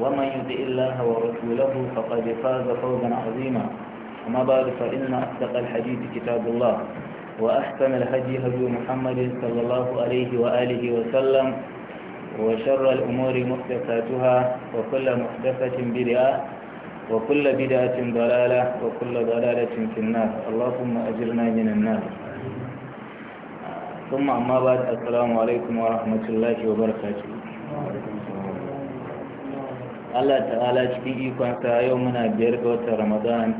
ومن يطع الله ورسوله فقد فاز فوزا عظيما أما بعد فإن أصدق الحديث كتاب الله وأحسن الهدي هدي محمد صلى الله عليه وآله وسلم وشر الأمور محدثاتها وكل محدثة بدعة وكل بدعة ضلالة وكل ضلالة في النار اللهم أجرنا من النار ثم أما بعد السلام عليكم ورحمة الله وبركاته Allah ta'ala cikin ikonsa yau muna biyar ga watan Ramadan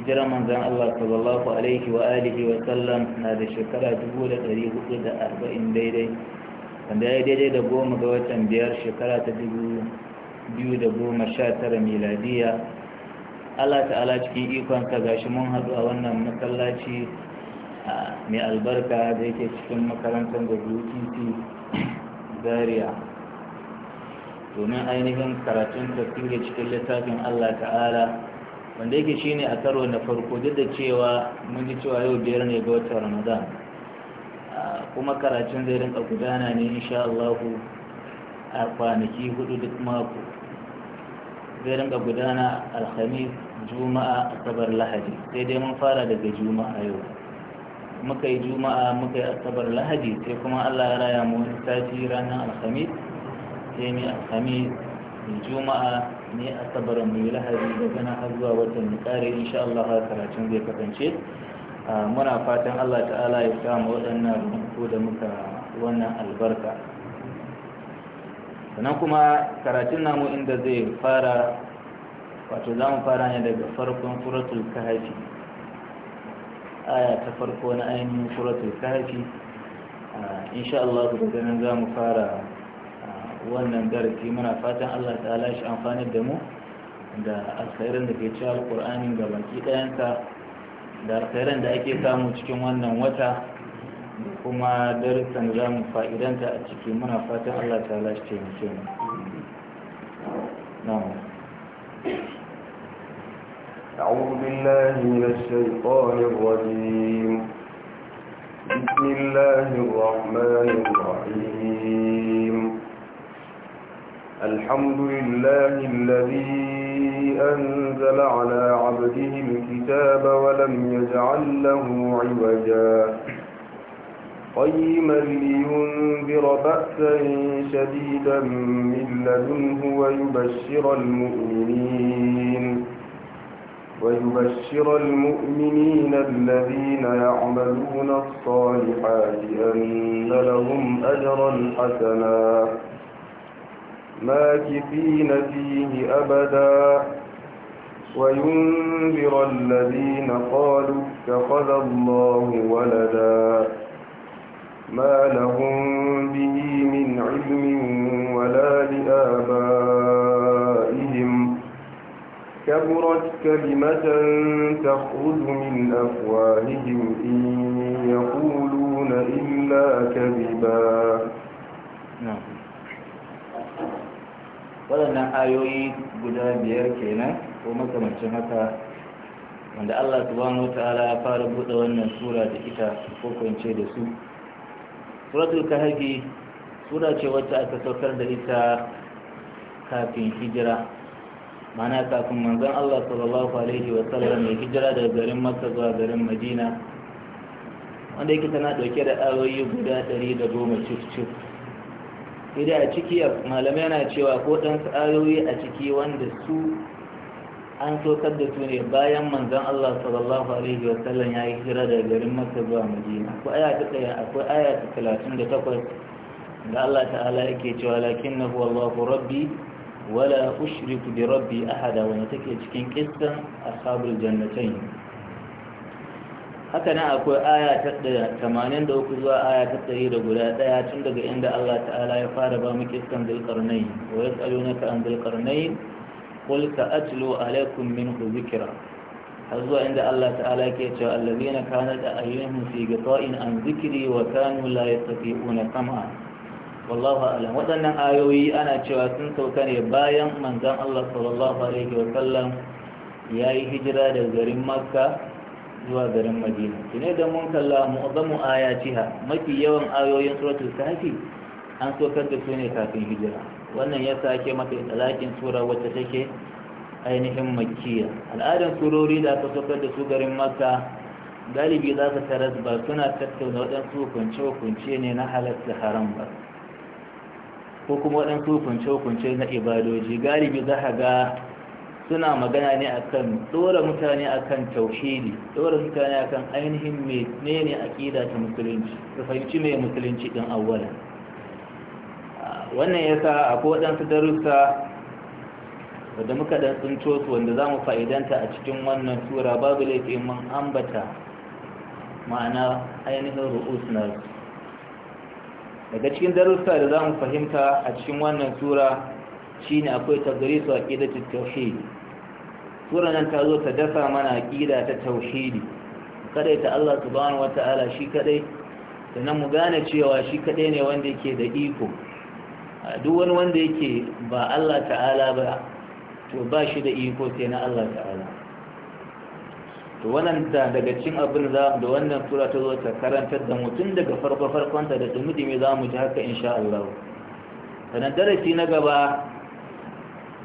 hijirar manzan Allah sallallahu alaihi wa alihi wa sallam na da shekara 1440 daidai wanda ya daidai da goma ga watan biyar shekara ta 2019 miladiya Allah ta'ala cikin ikonsa gashi mun haɗu a wannan masallaci mai albarka da yake cikin makarantar da WTT Zaria domin ainihin karatun tafsiri cikin littafin Allah ta'ala wanda yake shine a karo na farko duk da cewa mun ji cewa yau biyar ne ga watan Ramadan kuma karatun zai rinka gudana ne insha Allah a kwanaki hudu duk mako zai rinka gudana alhamis juma'a asabar lahadi sai dai mun fara daga juma'a yau muka yi juma'a muka yi asabar lahadi sai kuma allah ya raya mu wani sati ranar alhamis sai alhamis mai juma'a ne asabar mai lahari daga gana har zuwa watan kare insha Allah karatun zai kasance muna fatan Allah ta'ala ya samu waɗannan rubutu da muka wannan albarka sannan kuma karatun namu inda zai fara wato za mu fara ne daga farkon suratul kahfi aya ta farko na ainihin suratul kahfi insha Allah daga nan za mu fara wannan darasi muna fatan Allah ta'ala shi amfani da mu da alkhairin da ke cewa alkur'ani ga baki ɗayansa da alkhairan da ake samu cikin wannan wata da kuma darussan za mu fa'idanta a ciki muna fatan allah ta lashe taimake mu أعوذ بالله من الشيطان الرجيم بسم الله الرحمن الرحيم الحمد لله الذي أنزل على عبده الكتاب ولم يجعل له عوجا قيما لينذر بأسا شديدا من لدنه ويبشر المؤمنين ويبشر المؤمنين الذين يعملون الصالحات أن لهم أجرا حسنا ماكثين فيه أبدا وينذر الذين قالوا اتخذ الله ولدا ما لهم به من علم ولا لآبائهم كبرت كلمة تخرج من أفواههم إن يقولون إلا كذبا نعم waɗannan ayoyi guda biyar kenan ko makamancin haka wanda Allah subhanahu wata'ala ya fara buɗe wannan sura da ita ko kwance da su suratul kahfi sura ce wacce aka saukar da ita kafin hijira mana kafin manzon Allah sallallahu alaihi wa sallam ya hijira daga garin Makka zuwa garin Madina wanda yake tana dauke da ayoyi guda 110 cif sai dai a ciki malamai yana cewa ko ɗan ayoyi a ciki wanda su an sokar da su ne bayan manzon Allah sallallahu alaihi ya yi hira da garin Makka zuwa Madina ko aya ta tsaya akwai aya ta talatin da takwas da Allah ta'ala yake cewa lakinnahu wallahu rabbi wala ushriku bi rabbi ahada wanda take cikin kissan ashabul jannatain haka nan akwai aya ta 83 zuwa aya ta 101 tun daga inda Allah ta'ala ya fara ba muke kan zulqarnain wa yas'alunaka an zulqarnain qul alaikum min ku zikira har zuwa inda Allah ta'ala ke cewa na kana da ayyuhun fi ghita'in an zikiri wa kanu la na kama wallahu a'lam wadannan ayoyi ana cewa sun sauka ne bayan manzon Allah sallallahu alaihi wa sallam yayi hijira daga garin Makka zuwa garin madina tunai da mun kalla mu'azzamu ayatiha mafi yawan ayoyin suratul kahfi an sokar da su ne kafin hijira wannan ya sake mata talakin sura wacce take ainihin makkiya al'adan surori da aka sokar da su garin makka galibi za ka taras ba suna tattauna waɗansu hukunce-hukunce ne na halatta haram ba ko kuma waɗansu hukunce-hukunce na ibadoji galibi za ka ga suna magana ne akan tsora mutane akan tauhidi tsora mutane akan ainihin ne aqida ta musulunci su fahimci mai musulunci din awwalan wannan yasa akwai waɗansu darussa wadda muka dan tsinto su wanda za mu fa'idanta a cikin wannan sura babu laifi mun ambata ma'ana ainihin ru'us na daga cikin darussa da za mu fahimta a cikin wannan sura shine akwai tagrisu aqidatu tauhid sura nan ta zo ta dafa mana aqida ta tauhidi kadai ta Allah subhanahu wataala shi kadai sannan mu gane cewa shi kadai ne wanda yake da iko a duk wani wanda yake ba Allah ta'ala ba to ba shi da iko sai na Allah ta'ala to wannan da daga cikin abin za da wannan sura ta zo ta karantar da mutum daga farko farkonta da dumi-dumi za mu ji haka insha Allah sannan darasi na gaba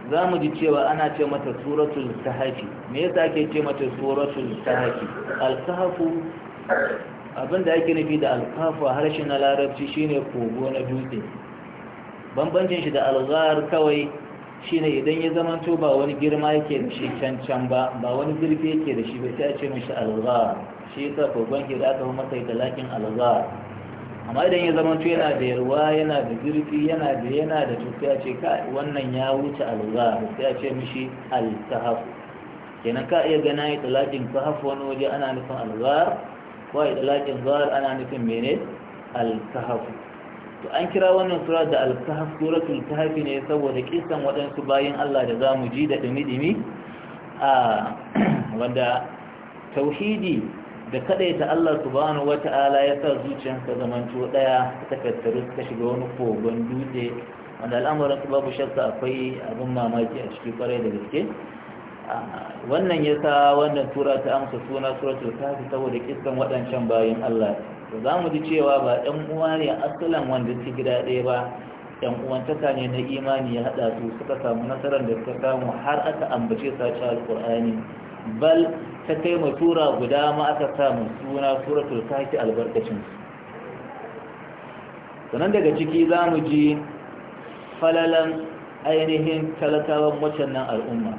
za mu ji cewa ana ce mata suratul sahafi me yasa ake ce mata suratul sahafi al abin abinda ake nufi da al-kahfu a harshen larabci shine kogo na dutse bambancin shi da al-ghar kawai shine idan ya zama to ba wani girma yake da shi cancan ba ba wani zurfi yake da shi ba sai a ce mishi al-ghar shi yasa kogon ke da aka masa da lakin al-ghar amma idan ya zama yana da yarwa yana da zurfi yana da yana da to ce ka wannan ya wuce alza sai ya ce mishi al-kahf kenan ka iya gana ya talakin kahf wani waje ana nufin alwa ko ya talakin zuwa ana nufin mene al-kahf to an kira wannan sura da al-kahf suratul kahf ne saboda kisan waɗansu bayin Allah da zamu ji da dumi-dumi a ah, wanda tauhidi da kadaita Allah subhanahu wata'ala ya sa zuciyarsa zamanto daya ta tattaru ta shiga wani kogon dutse wanda al'amuran su babu shakka akwai abin mamaki a cikin kwarai da gaske wannan ya sa wannan tura ta amsa suna suratul kafi saboda kiskan waɗancan bayan Allah to za mu ji cewa ba ɗan uwa ne asalin wanda su gida ɗaya ba ɗan uwantaka ne na imani ya haɗa su suka samu nasarar da suka samu har aka ambace su a cikin alƙur'ani bal ta kai ma tura guda ma aka suna suratul kafi albarkacin sannan daga ciki za mu ji falalan ainihin talakawan wacan nan al'umma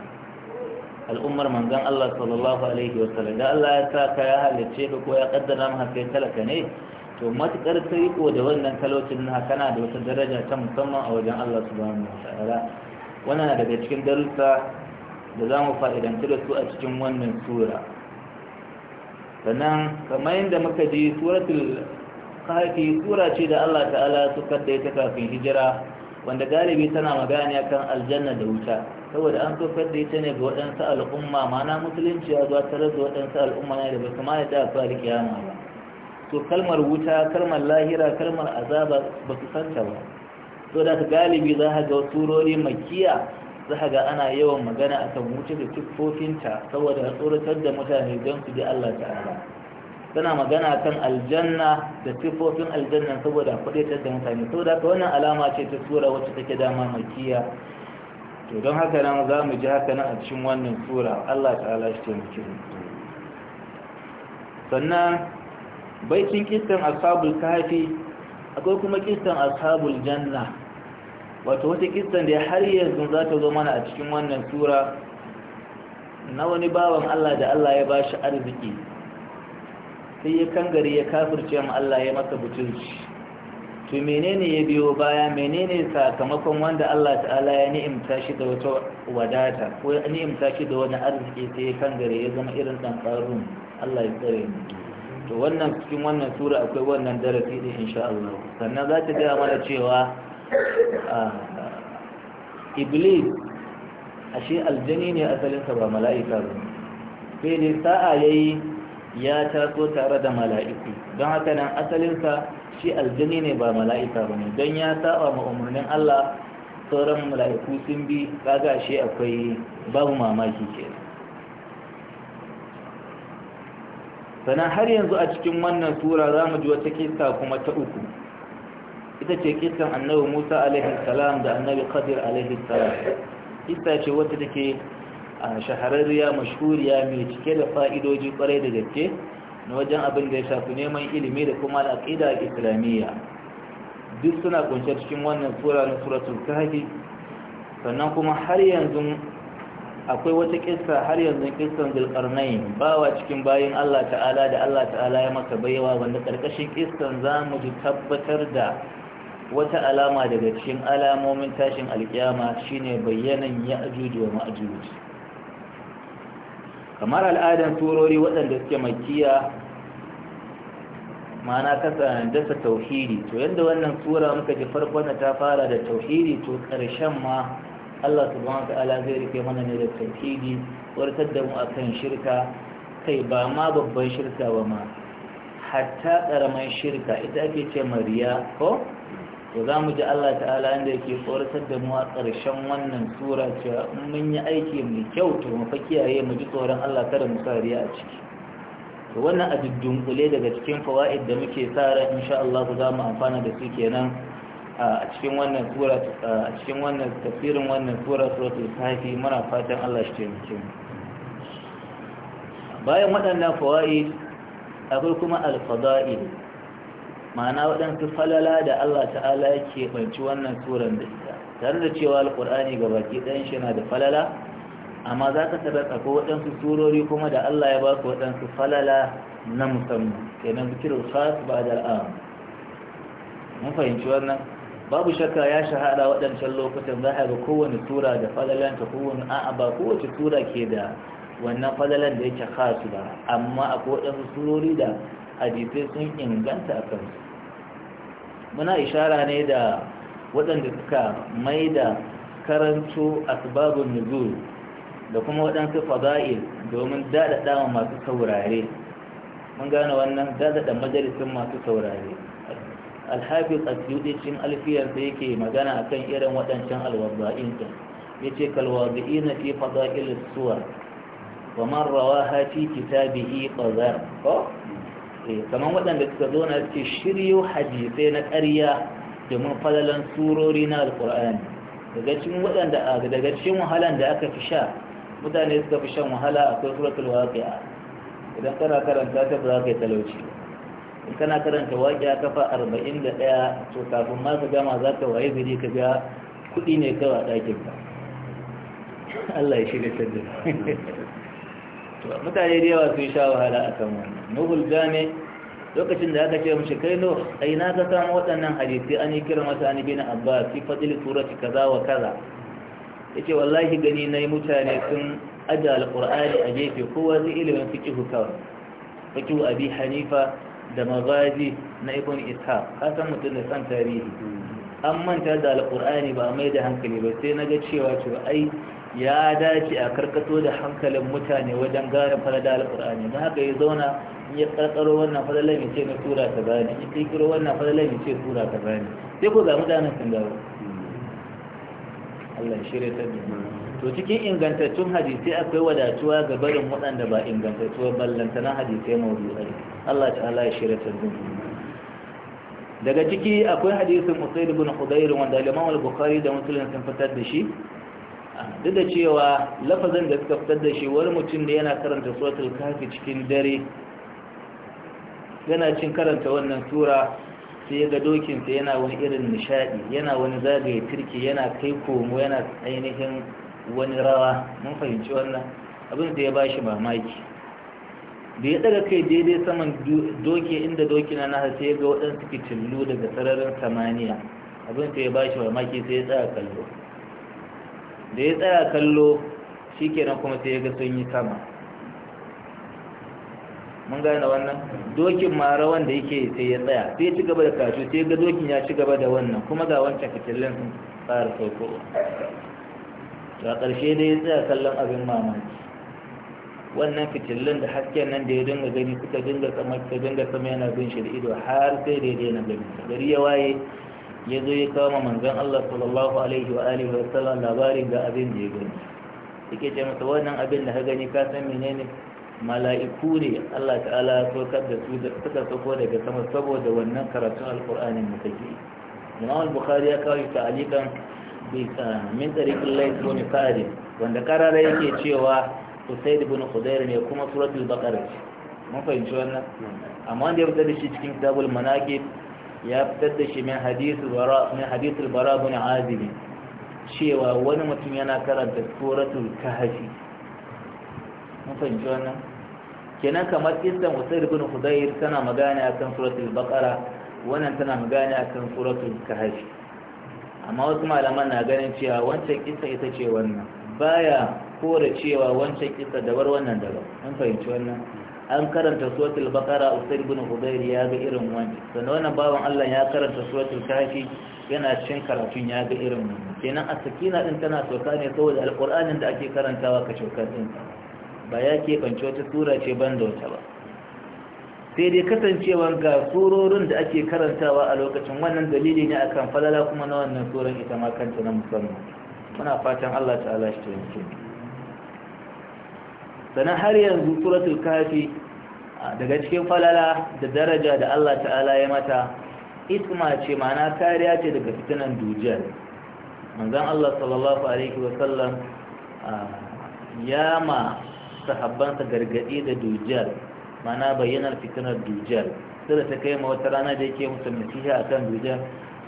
al'ummar manzan Allah sallallahu alaihi wasallam da Allah ya sa ka ya halarce ka ko ya kaddara maka kai talaka ne to matukar sai ko da wannan talaucin na kana da wata daraja ta musamman a wajen Allah subhanahu wa ta'ala wannan daga cikin darussa da za mu fa'idanci da su a cikin wannan sura sannan kamar yadda muka ji suratul kafi ce da Allah ta'ala su kadda ita kafin hijira wanda galibi tana magana kan aljanna da wuta saboda an so kadda ita ne ga waɗansu al'umma mana musulunci ya zuwa tare da waɗansu al'umma ne da ba su ma da ta fara kiyama ba to kalmar wuta kalmar lahira kalmar azaba ba su santa ba so da galibi za ka ga surori makiya za haga ana yawan magana akan wuce da tuffofinta saboda tsoratar da mutane don su ji Allah ta'ala tana magana kan aljanna da tuffofin aljanna saboda kuɗaitar da mutane saboda ka wannan alama ce ta sura wacce take dama makiya to don haka nan za mu ji haka nan a cikin wannan sura Allah ta'ala shi ta muke sannan baitin kistan ashabul kafi akwai kuma kistan ashabul janna wato wata kistan da har yanzu za ta zo mana a cikin wannan tura na wani bawan Allah da Allah ya bashi arziki sai ya kangare ya kafirce ma Allah ya masa butunci to menene ya biyo baya menene sakamakon wanda Allah ta'ala ya ni'imta shi da wata wadata ko ya ni'imta shi da wani arziki sai ya kangare ya zama irin dan karun Allah ya tsare ni to wannan cikin wannan sura akwai wannan darasi din insha Allah sannan za ta ga mana cewa Ah. iblis ashe aljani ne asalinsa ba mala'ika ba sai dai sa'a yayi ya taso tare da mala'iku don haka nan asalinsa shi aljani ne ba mala'ika ba ne don ya saba ma umarnin Allah sauran mala'iku sun bi kaga shi akwai babu mamaki ke sannan har yanzu a cikin wannan tura za mu ji wata kisa kuma ta uku ita ce kisan annabi musa alaihi da annabi qadir alaihi salam ita ce wata take a shahararriya mashhuriya mai cike da fa'idoji kwarai da gaske na wajen abin da ya shafi neman ilimi da kuma al'aqida islamiyya duk suna kunshe cikin wannan sura na suratul kahfi sannan kuma har yanzu akwai wata kissa har yanzu kissan zulqarnain bawa cikin bayin Allah ta'ala da Allah ta'ala ya maka baiwa wanda karkashin kissan za ji tabbatar da wata alama daga cikin alamomin tashin alkiyama shine bayyanan ya'juj wa ma'juj kamar al'adan turori waɗanda suke makiya mana kasa dasa tauhidi to yadda wannan sura muka ji farkon ta fara da tauhidi to ƙarshen ma Allah subhanahu ta'ala zai rike mana ne da tauhidi wartar da mu akan shirka kai ba ma babban shirka ba ma hatta ƙaramin shirka ita ake ce mariya ko to za mu ji Allah ta'ala inda yake tsoratar da mu a ƙarshen wannan tura cewa mun yi aiki mai kyau to mu fa kiyaye mu ji tsoron Allah kada mu sa riya a ciki to wannan a dundunkule daga cikin fawaid da muke sa ran insha Allah za mu amfana da su kenan a cikin wannan tura a cikin wannan tafsirin wannan sura muna fatan Allah shi taimake mu bayan waɗannan fawaid akwai kuma al ma'ana waɗansu falala da Allah ta'ala ya keɓanci wannan turan da ita tare da cewa alƙur'ani ga baki ɗayan shi yana da falala amma za ka sadaka ko waɗansu turori kuma da Allah ya ba ku waɗansu falala na musamman kenan bikin khas ba da al'am mun fahimci wannan babu shakka ya shahara waɗancan lokutan za a ga kowane tura da ta kowane a'a ba kowace tura ke da wannan falalan da yake khas ba amma akwai waɗansu turori da hadisai sun inganta a kansu muna ishara ne da waɗanda suka mai da karanto asbabun nuzul da kuma waɗansu fada'il domin daɗaɗa wa masu saurare mun gane wannan daɗaɗa majalisun masu saurare alhafiz a cikin alfiyarsa yake magana akan irin waɗancan alwabba'in ɗin ya ce kalwabba'in fi fada'il suwa wa man rawaha kitabihi qadar Eh, kamar waɗanda suka zo na suke shiryo hadisai na ƙarya domin falalan surori na alkur'an daga cikin waɗanda ah, daga cikin wahalan da aka fi sha mutane suka fi shan wahala akwai suratul waqi'a idan kana karanta ta ba za ka yi talauci in kana karanta waqi'a kafa arba'in da to kafin ma ka gama za ka waye gari ka ga kuɗi ne kawai a ɗakin ka Allah ya shirya sabbin mutane da yawa sun sha wahala a kan wannan nuhul jami lokacin da aka ce mishi kai nuh ai na ka samu waɗannan hadisi an yi kiran wata an bin abbas fi fadli surati kaza wa kaza yace wallahi gani nayi mutane sun aje alqur'ani a gefe kowa zai ilimin fiqhu kawai fiqhu abi hanifa da magazi na ibn ishaq ka san mutum da san tarihi an manta da alqur'ani ba mai da hankali ba sai naga cewa cewa ai ya dace a karkato da hankalin mutane wajen gane falada alƙur'ani na haka ya zauna in ya karkaro wannan falalar mai ce na tura ta bani in kai kiro wannan falalar mai ce tura ta bani sai ko ga mutanen sun gawo Allah ya shirya ta to cikin ingantattun hadisai akwai wadatuwa ga barin waɗanda ba ingantattuwa ballantana hadisai mawdu'ai Allah ta'ala ya shirya ta daga ciki akwai hadisin Usaid ibn Hudayr wanda Imam al-Bukhari da Muslim sun fitar da shi duk da cewa lafazin da suka fitar da shi wani mutum ne yana karanta suratul kafi cikin dare yana cin karanta wannan tura sai ya ga dokinsa yana wani irin nishaɗi yana wani zagaye turki yana kai komo yana ainihin wani rawa mun fahimci wannan abin da ya ba shi mamaki da ya daga kai daidai saman doki inda doki na nasa sai ya ga waɗansu fitillu daga sararin samaniya abin da ya ba shi mamaki sai ya tsaya kallo da ya tsaya kallo shi kenan kuma sai ya ga sun yi sama mun gane wannan dokin mara wanda yake sai ya tsaya sai ya ci gaba da kashu sai ya ga dokin ya ci gaba da wannan kuma ga wancan fitillin sun fara saukowa a ƙarshe dai ya tsaya kallon abin mamaki wannan fitillin da hasken nan da ya dinga gani suka dinga sama dinga sama yana bin shi da ido har sai da ya daina gani gari ya waye ya zo ya kama manzan Allah sallallahu alaihi wa alihi wa sallam labarin da abin da ya gani yake ce masa wannan abin da ka gani ka san menene mala'iku ne Allah ta'ala ya saukar da su da suka sauko daga sama saboda wannan karatun alqur'anin da take Imam al-Bukhari ya kawo ta'alikan bi min tariqil layl ibn Sa'd wanda karara yake cewa Usaid ibn Khudair ne kuma suratul Baqarah mun fahimci wannan hmm. amma wanda ya fita da shi cikin kitabul manaqib ya fitar da shi min hadisul bara bin azimi cewa wani mutum yana karanta suratul kahfi mun fahimci wannan kenan kamar isan usaid bin hudayr tana magana akan suratul baqara wannan tana magana akan suratul kahfi amma wasu malaman na ganin cewa wancan kisa ita ce wannan baya kore cewa wancan kissa dabar wannan dabar mun fahimci wannan an karanta suratul bakara usayd ibn hudayr ya ga irin wani sannan wannan bawan Allah ya karanta suratul kafi yana cin karatun ya ga irin wani kenan a sakina din tana sauka ne saboda alqur'anin da ake karantawa ka saukar din ba ya ke bance wata sura ce ban da wata ba sai dai kasancewar ga surorin da ake karantawa a lokacin wannan dalili ne akan falala kuma na wannan suran ita ma kanta na musamman muna fatan Allah ta'ala shi taimake mu sannan har yanzu suratul kafi daga cikin falala da daraja da Allah ta'ala ya mata isma ce ma'ana kariya ce daga fitinan dujiyar manzan Allah sallallahu Alaihi wasallam ya ma sahabbansa gargadi da dujiyar ma'ana bayyanar fitinar dujiyar sai da ta kai ma wata rana da yake musu nasiha a kan dujiyar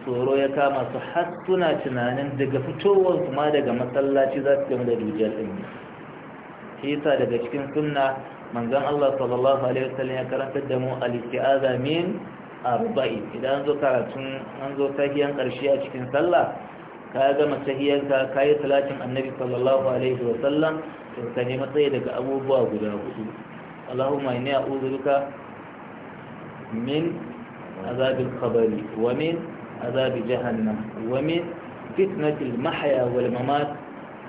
tsoro ya kama su har suna tunanin daga fitowar kuma daga masallaci za su gama da dujiyar ɗin shi yasa daga cikin sunna من قال الله صلى الله عليه وسلم يكرم تدمو الاستعاذة من أربعين إذا أنزو كارتون أنزو تهيان قرشي أشكين صلى كاذا ما تهيان كاية ثلاثم النبي صلى الله عليه وسلم كان يمطي أبو بوا بلا اللهم إني أعوذ بك من عذاب القبر ومن عذاب جهنم ومن فتنة المحيا والممات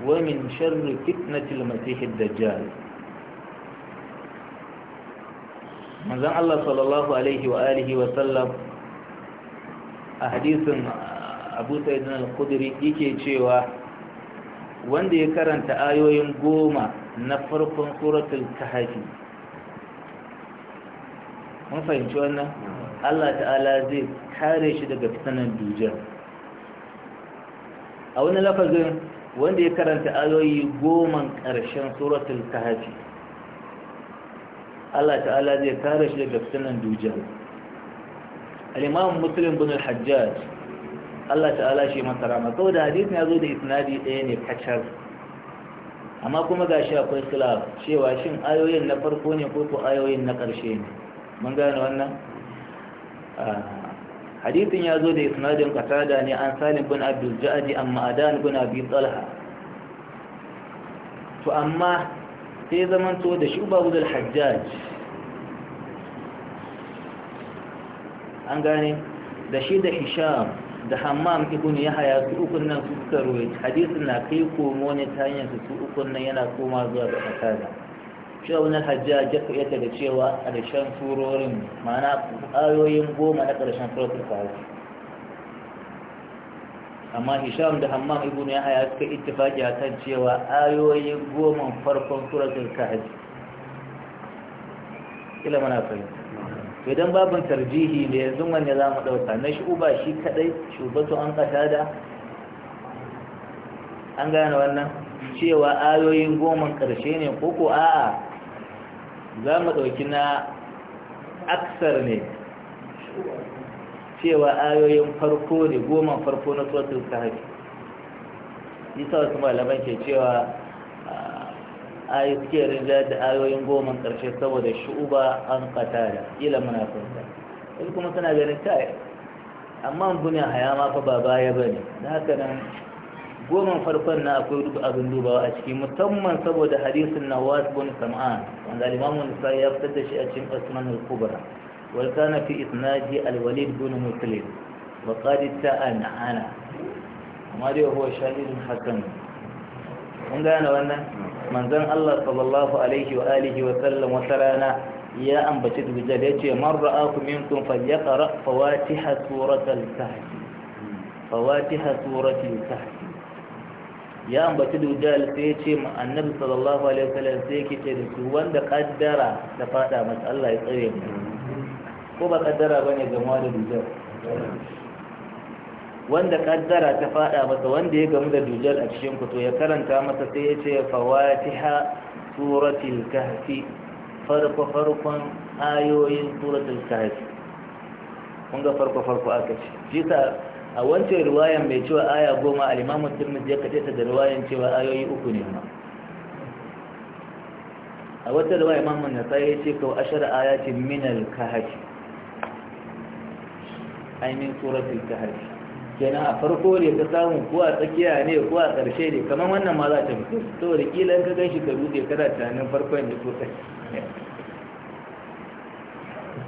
ومن شر فتنة المسيح الدجال manzan Allah sallallahu alaihi wa alihi wa sallam a hadisin Abu Sa'id al-Khudri yake cewa wanda ya karanta ayoyin goma na farkon suratul kahfi mun fahimci wannan Allah ta'ala zai kare shi daga fitanan dujar a wani lafazin wanda ya karanta ayoyi goma ƙarshen suratul kahfi Allah ta'ala zai kare shi daga fitinan dujal al-imam muslim bin al-hajjaj Allah ta'ala shi masa rama da hadisin ya zo da isnadi ɗaya ne kacar amma kuma gashi akwai khilaf cewa shin ayoyin na farko ne ko ko ayoyin na ƙarshe ne mun gane wannan ah, hadisin ya zo da isnadin qatada ne an salim bin abdul ja'di amma adan bin abi talha to amma sai zaman zamanto da shuba wuzar hajjaj an gane da shi da hisham da hammam ibn yahaya su ukun nan su suka hadisin na kai komo ne ta hanyar su ukun nan yana koma zuwa ga kasada cewa wani hajjaj ya kaita da cewa a shan surorin ma'ana ayoyin goma na karshen suratul amma isham da hammam ibn yahya suka ittifaki akan cewa ayoyin goma farkon suratul kahf ila mana fahimta idan babin tarjihi ne yanzu wanne za mu ɗauka na uba shi kadai shubatu an da? an gane wannan cewa ayoyin goma karshe ne ko ko a'a za mu ɗauki na aksar ne cewa ayoyin farko ne goma farko na suratul kahfi isa wasu malaman ke cewa ah, ayi suke rinja da ayoyin goma karshe saboda shu'uba an qatada ila munafiqun wasu kuma suna ganin kai amma bune haya ma fa ba baya bane da haka nan goma farkon na akwai duk abin dubawa a ciki musamman saboda hadisin nawas bin sam'an wanda al-imamu nisa ya fitar da shi a cikin asmanul kubra وكان في إثناج الوليد بن مسلم وقال سأل أنا ماري هو شهيد حسن قال وانا من ذن الله صلى الله عليه وآله وسلم وسلانا يا أن بشد بجليت من راكم منكم فليقرأ فواتح سورة الكهف فواتح سورة الكهف يا أن بشد بجليت من النبي صلى الله عليه وسلم سيكي تلسوان قدر لفاتا مساله الله يطريم ko ba kaddara ba ne gamuwa da dujar wanda kaddara ta fada masa wanda ya gamu da dujar a cikin kuto ya karanta masa sai ya ce fawatiha suratul kahfi farko farkon ayoyin suratul kahfi kun ga farko farko aka ce shi a wancan riwayan mai cewa aya goma al-imamu tirmidhi ya kace ta da riwayan cewa ayoyi uku ne ma a wata riwaya na sai ya ce kau ashar ayatin minal al-kahfi ainihin suratul kahf kenan a farko ne ka samu ko a tsakiya ne ko a ƙarshe ne kamar wannan ma za ta fito da ƙila ka gan shi ka rude kana tunanin farkon ne ko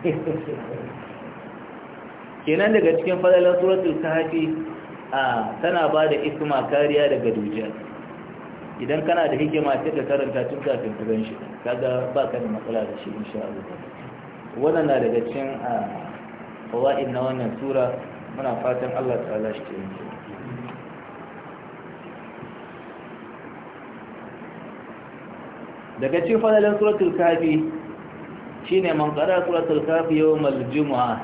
kenan daga cikin fadalar suratul kahf a tana ba da isma kariya daga dujiya idan kana da hikima sai ka karanta tun kafin ka gan shi kaga ba ka da matsala da shi insha Allah wannan na daga cikin fawa'id na wannan sura muna fatan Allah ta'ala shi taimake daga cikin fadalan suratul kafi shine man qara suratul kafi yawmal jumu'a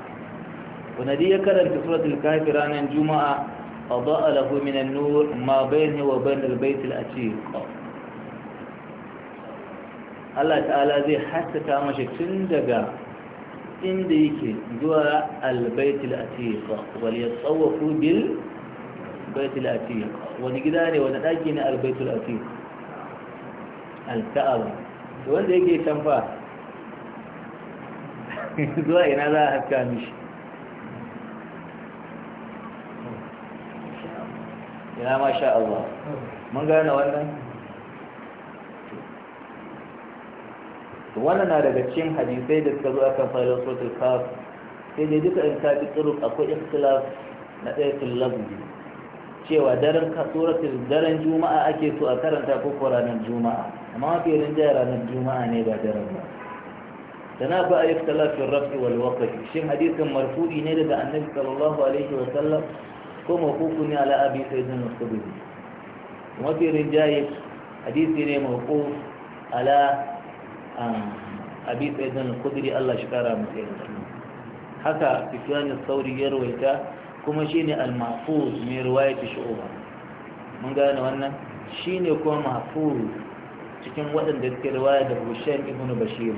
nadi ya karanta suratul kafi ranan lahu min an-nur ma bayni wa ما al-bayt al-atiq Allah ta'ala zai hasata mashi tun daga inda yake zuwa albaitul atiqa wal yatawafu bil baitul atiqa wani gida ne wani daki ne albaitul atiqa al-ka'aba wanda yake can fa zuwa ina za a haska mishi ina ma sha Allah mun gane wannan wannan na daga cikin hadisai da suka zo kan fara suratul kaf sai dai duka in ka bi tsiruk akwai ikhtilaf na ɗaya lafzi cewa daren suratul daren juma'a ake so a karanta ko ko ranar juma'a amma mafi rinjaya ranar juma'a ne ba daren ba sana ba a yi talafin rafi wal waqfi shin hadisin marfudi ne daga annabi sallallahu alaihi wa sallam ko mawqufu ne ala abi sayyidina al-khudri mafi rinjaye hadisi ne mawquf ala abi tsaidan kudiri Allah shi kara masa yarda haka sufyan sauri ya rawaita kuma shi ne al-mahfuz mai ruwaya ta shu'ba mun gane wannan shi ne kuma mahfuz cikin waɗanda suke ruwaya da Hushaym ibn Bashir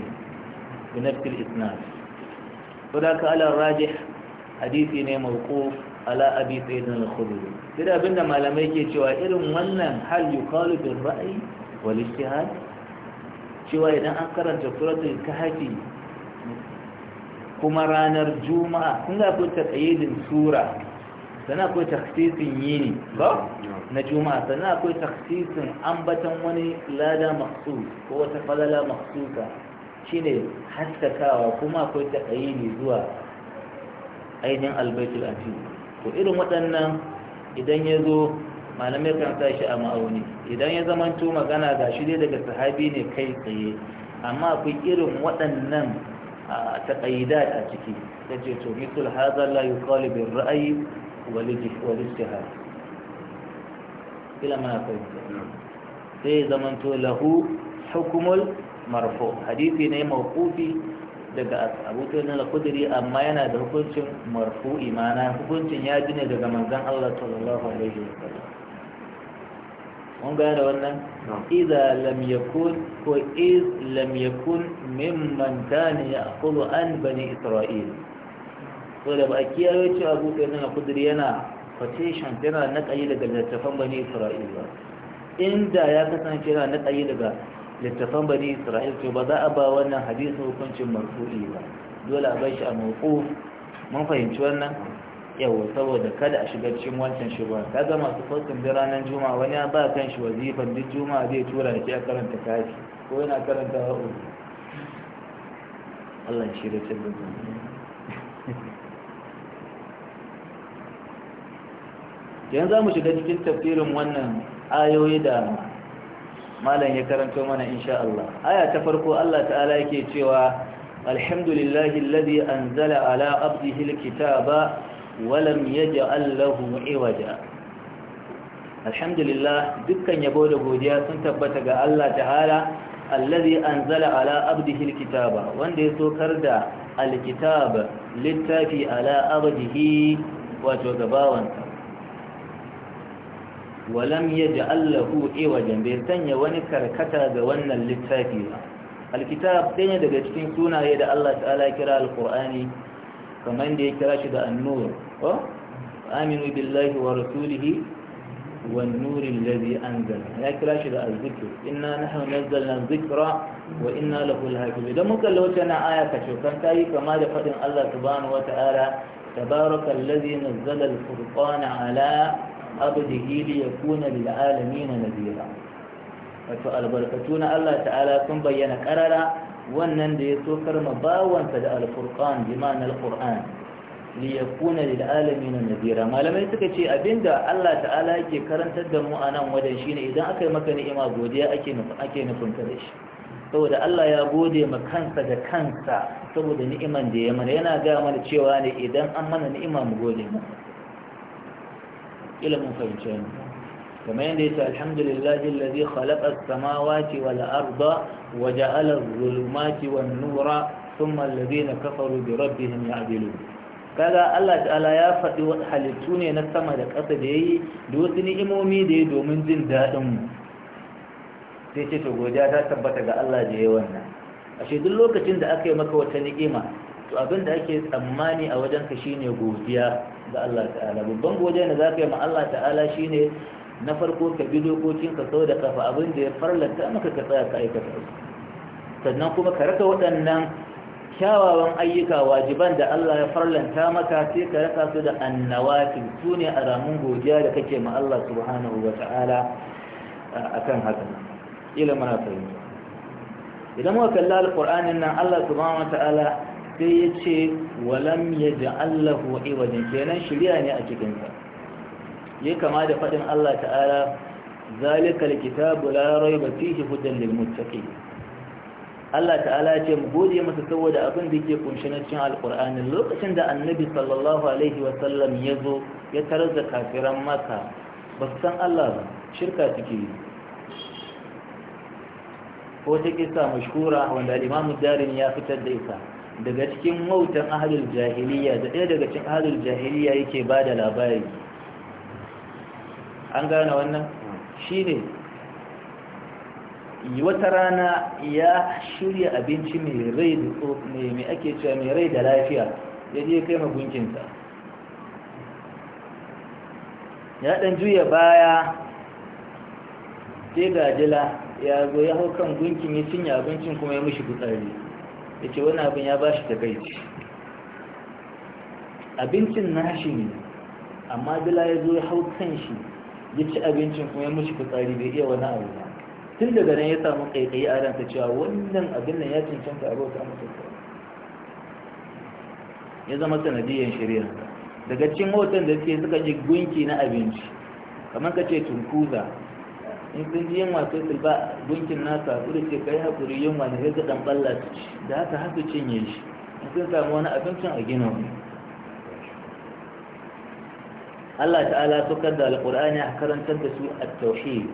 bi nafsi al-isnad saboda ala rajih hadisi ne mawquf ala abi sayyidina al-khudri duk abinda malamai ke cewa irin wannan hal yuqalu bil ra'i wal ijtihad cewa idan an karanta suratul kahfi kuma ranar juma'a kun ga akwai taqayyidin sura sannan akwai takhsisin yini ba na juma'a sannan akwai takhsisin ambatan wani lada maqsus ko wata falala maqsusa shine haskakawa kuma akwai taqayyidi zuwa ainihin albaitul atiq to irin waɗannan idan ya zo malamai kan sa shi a ma'auni idan ya zamanto magana ga shi dai daga sahabi ne kai tsaye amma akwai irin waɗannan taƙaida a ciki ta ce to mitul haza la yuqalu bil ra'ayi wal ijtihad kila mana fahimta sai zamanto lahu hukumul marfu hadisi ne mawqufi daga Abu Tunan al-Khudri amma yana da hukuncin marfu imana hukuncin ya ji ne daga manzan Allah sallallahu alaihi wasallam mun gane wannan idza lam yakun ko iz lam yakun mimman kana ya'khudhu an bani isra'il da ba kiyaye cewa abu kai nan yana quotation yana nakali daga littafan bani isra'il ba inda ya kasance yana nakali daga littafan bani isra'il to ba za a ba wannan hadisi hukuncin marfu'i ba dole a bar shi a mawquf mun fahimci wannan yau saboda kada a shiga cikin wancan shubha zama su fasin da ranar juma'a wani ba kan shi wazifan duk juma'a zai tura shi a karanta kashi ko yana karanta wa Allah shi da cin yanzu za mu shiga cikin tafsirin wannan ayoyi da malam ya karanto mana insha Allah aya ta farko Allah ta'ala yake cewa alhamdulillahi alladhi anzala ala abdihi alkitaba walam yaj'al lahu iwaja alhamdulillah dukkan yabo da godiya sun tabbata ga Allah ta'ala allazi anzala ala abdihi alkitaba wanda ya sokar da alkitab littafi ala abdihi wato gabawansa walam yaj'al lahu iwajan bai sanya wani karkata ga wannan littafi ba alkitab ɗaya daga cikin sunaye da Allah ta'ala kira alqur'ani kamar da ya kira shi da annur ko aminu billahi wa rasulihi wan nuril ladhi anzala ya kira shi da azzikr inna nahnu nazzalna dhikra wa inna lahu lahafizun idan muka lauce na aya ka cokan tayi kama da fadin Allah subhanahu wa ta'ala tabarakal ladhi nazzala al-furqana ala abdihi liyakuna lil alamin nadira wato albarkatu na Allah ta'ala sun bayyana karara wannan da ya sokar ma bawansa da Alkur'an, bi ma'anar qur'an li yakuna lil malamai suka ce abinda Allah ta'ala yake karantar da mu anan wajen shine idan aka yi maka ni'ima godiya ake nufin nufin ka da shi saboda Allah ya gode ma kansa da kansa saboda ni'iman da ya mana yana gaya mana cewa ne idan an mana ni'ima mu gode mu ilimin fahimce ne ya كما ينديت الحمد لله الذي خلق السماوات والأرض وجعل الظلمات والنور ثم الذين كفروا بربهم يعدلون kaga Allah ta'ala ya faɗi halittu ne na sama da ƙasa da yayi da wasu ni'imomi da yayi domin jin daɗin sai ce to godiya ta tabbata ga Allah da yayi wannan ashe duk lokacin da aka yi maka wata ni'ima to abin da ake tsammani a wajen ka shine godiya ga Allah ta'ala babban godiya da zaka yi ma Allah ta'ala shine na farko ka bi dokokin ka sau da kafa abin da ya farlanta maka ka tsaya ka aikata su sannan kuma ka raka waɗannan kyawawan ayyuka wajiban da Allah ya farlanta maka sai ka raka su da annawati su ne a ramin godiya da kake ma Allah subhanahu wa ta'ala akan hakan. Ilimin mana fahimta idan muka kalla alqur'anin nan Allah subhanahu wa ta'ala sai ya ce walam yaj'al lahu iwajan kenan shiriya ne a cikin sa ya kama da faɗin Allah ta'ala zalikal kitabu la rayba fihi hudan lil muttaqin Allah ta'ala ya ce mu gode masa saboda abin da yake kunshe na cikin alqur'ani lokacin da annabi sallallahu alaihi wa sallam ya zo ya tarar da kafiran maka ba su san Allah ba shirka suke yi ko ta kisa mashhura wanda al-Imam Darin ya fitar da ita daga cikin mautan ahlul jahiliya da ɗaya daga cikin ahlul jahiliya yake bada labari an gane wannan shi ne wata rana ya shirya abinci mai rai da ne mai ake cewa mai rai da lafiya ya je kai magunkinsa ya ɗan juya baya sai gajila ya zo ya hau kan gunkin ya cinye abincin kuma ya mishi gutsari ya ce wani abin ya ba shi ta takaici abincin nashi ne amma bila ya zo ya hau kan shi ya ci abincin kuma ya mushi fitsari bai iya wani abu ba tun daga nan ya samu kaikayi a ranta cewa wannan abin nan ya cancanta a bauta masa ya zama sanadiyyar shirya. daga cikin hoton da suke suka ji gunki na abinci kamar ka ce tunkuza in sun ji yunwa wasu su ba gunkin nasa su da ce kai haƙuri yunwa da gaza ɗan ɓalla su ci da haka haka cinye shi in sun samu wani abincin a gina wani Allah ta'ala sukar da alƙur'ani a karantar da su a tauhid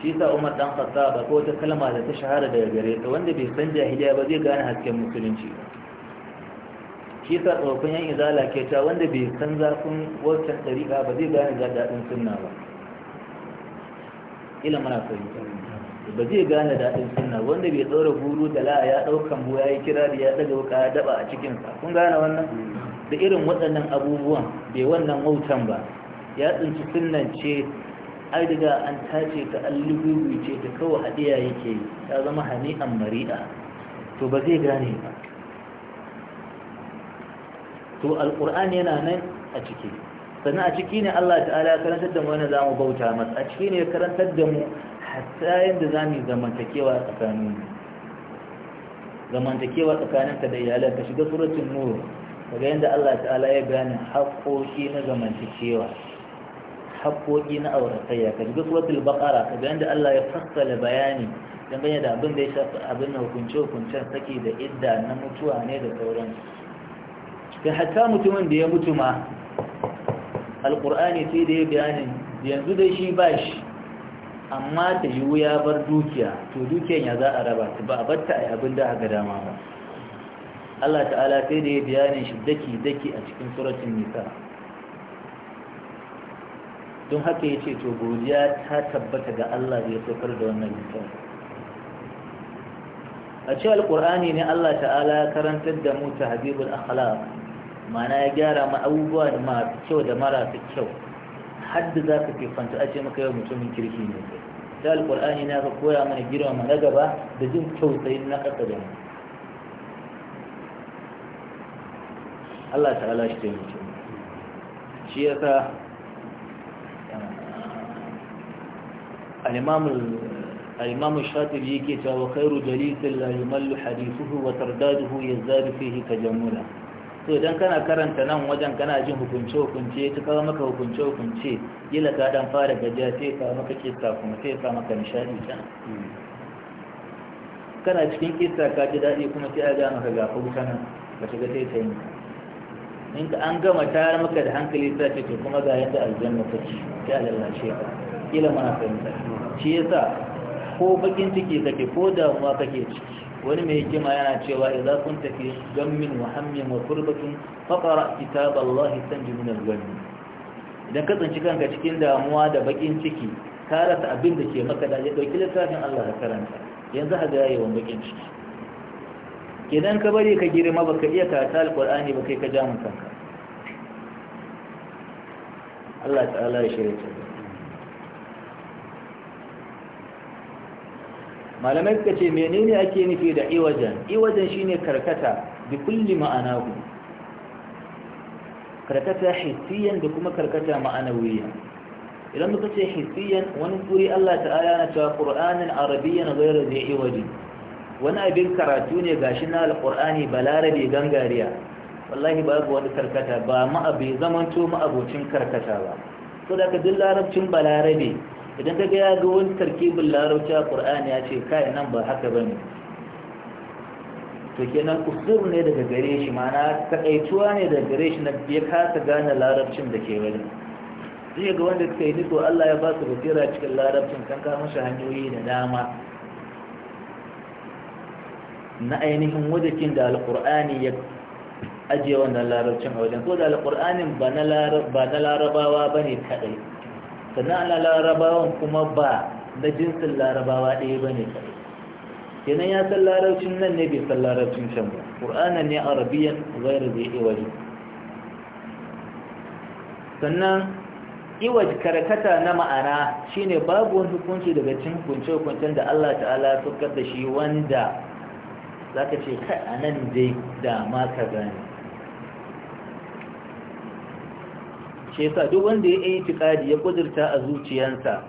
shi sa Umar dan Khattab ko wata kalma da ta shahara daga gare ta wanda bai san jahiliya ba zai gane hasken musulunci shi sa tsofin yan izala ke ta wanda bai san zafin wancan tariƙa ba zai gane ga daɗin sunna ba ila mana fahimta ba zai gane daɗin sunna wanda bai tsora buru da la'a ya ɗaukan buya ya kira da ya ɗaga wuka ya daɓa a cikinsa kun gane wannan da irin waɗannan abubuwan bai wannan wautan ba ya tsinci sunan ce ai daga an tace ta allububi ce ta kawai hadiya yake yi ta zama hani'an mari'a to ba zai gane ba to alƙur'ani yana nan a ciki sannan a ciki ne Allah ta'ala ya karantar da mu wani zamu bauta masa a ciki ne karantar da mu hatta yadda za mu zamantakewa tsakanin zamantakewa tsakaninka da ka shiga suratul nur daga yadda Allah ta'ala ya bayanin haƙoƙi na zamantakewa haƙoƙi na auratayya ka ji suratul baqara ka ga yadda Allah ya fassala bayani don ganye da abin da ya shafi abin na hukunce hukuncen saki da idda na mutuwa ne da sauran ka hatta mutumin da ya mutu ma alƙur'ani sai da ya bayanin yanzu da shi ba shi amma ta yiwu ya bar dukiya to dukiyan ya za a raba ba a batta a abin da aka dama ba Allah ta'ala sai da ya bayanin shi daki-daki a cikin suratun nisa don haka ya ce to godiya ta tabbata ga Allah da ya saukar da wannan nisa a cikin alkur'ani ne Allah ta'ala ya karantar da mu ta habibul akhlaq mana ya gyara ma abubuwa da masu kyau da marasa kyau hadda za ka fifanta a ce maka yau mutumin kirki ne sai alkur'ani na ka koya mana girma na gaba da jin tausayin na ƙasa da mu Allah ta'ala shi taimake mu shi yasa al-imam al-imam shatibi yake cewa khairu jalisin la yumallu hadithuhu wa tardaduhu yazadu fihi tajammula to idan kana karanta nan wajen kana jin hukunce hukunce ta kawo maka hukunce hukunce yila ka dan fara gajiya sai ka maka kissa kuma sai ka maka nishadi can kana cikin kissa ka ji daɗi kuma sai a ga maka gafa wuta nan ba shiga sai ta yi in ka an gama tayar maka da hankali ta ce to kuma ga yadda aljanna ta ci ta lalace ka kila mana fahimta shi yasa ko bakin ciki kake ko damuwa kake ciki wani mai hikima yana cewa idan kun tafi gammin muhammin wa kurbatun faqara kitaballahi tanji min al idan ka tsinci kanka cikin damuwa da bakin ciki ka rasa abin da ke maka da ya dauki littafin Allah ka karanta yanzu haga yayi wannan bakin ciki idan ka bari ka girma baka iya karatu alkur'ani ba kai ka ja kanka Allah ta'ala ya shirya ta malamai suka ce menene ake nufi da iwajen iwajen shine karkata bi kulli ma'anahu karkata hissiyan da kuma karkata ma'anawiyya idan muka ce hissiyan wani kuri Allah ta'ala na cewa qur'anin arabiyyan ghayra zai iwaji wani abin karatu ne gashi na alƙur'ani balarabe gangariya wallahi ba ga wani karkata ba ma'abi zamanto ma'abocin karkata ba so da ka duk larabcin balarabe idan ka ga ya ga wani tarkibin larabci a ƙur'ani ya ce kai nan ba haka ba ne to kenan kusur ne daga gare shi ma'ana takaituwa ne daga gare shi na ya kasa gane larabcin da ke wani zai ga wanda suka yi Allah ya ba su basira cikin larabcin kan kama shi hanyoyi da dama na ainihin wajakin da alƙur'ani ya ajiye wannan larabcin a wajen ko da alƙur'anin ba na larabawa ba ne kaɗai sannan ana larabawan kuma ba na jinsin larabawa ɗaya ba ne kaɗai kenan ya san larabcin nan ne bai san larabcin can ba ƙur'anan ne arabiyan zairu zai iwaji sannan iwaj karkata na ma'ana shine babu wani hukunci daga cin hukunce-hukuncen da Allah ta'ala sukar da shi wanda za ka ce kai a nan dai da ma ka gane ce sa duk wanda ya yi tikadi ya kudurta a zuciyansa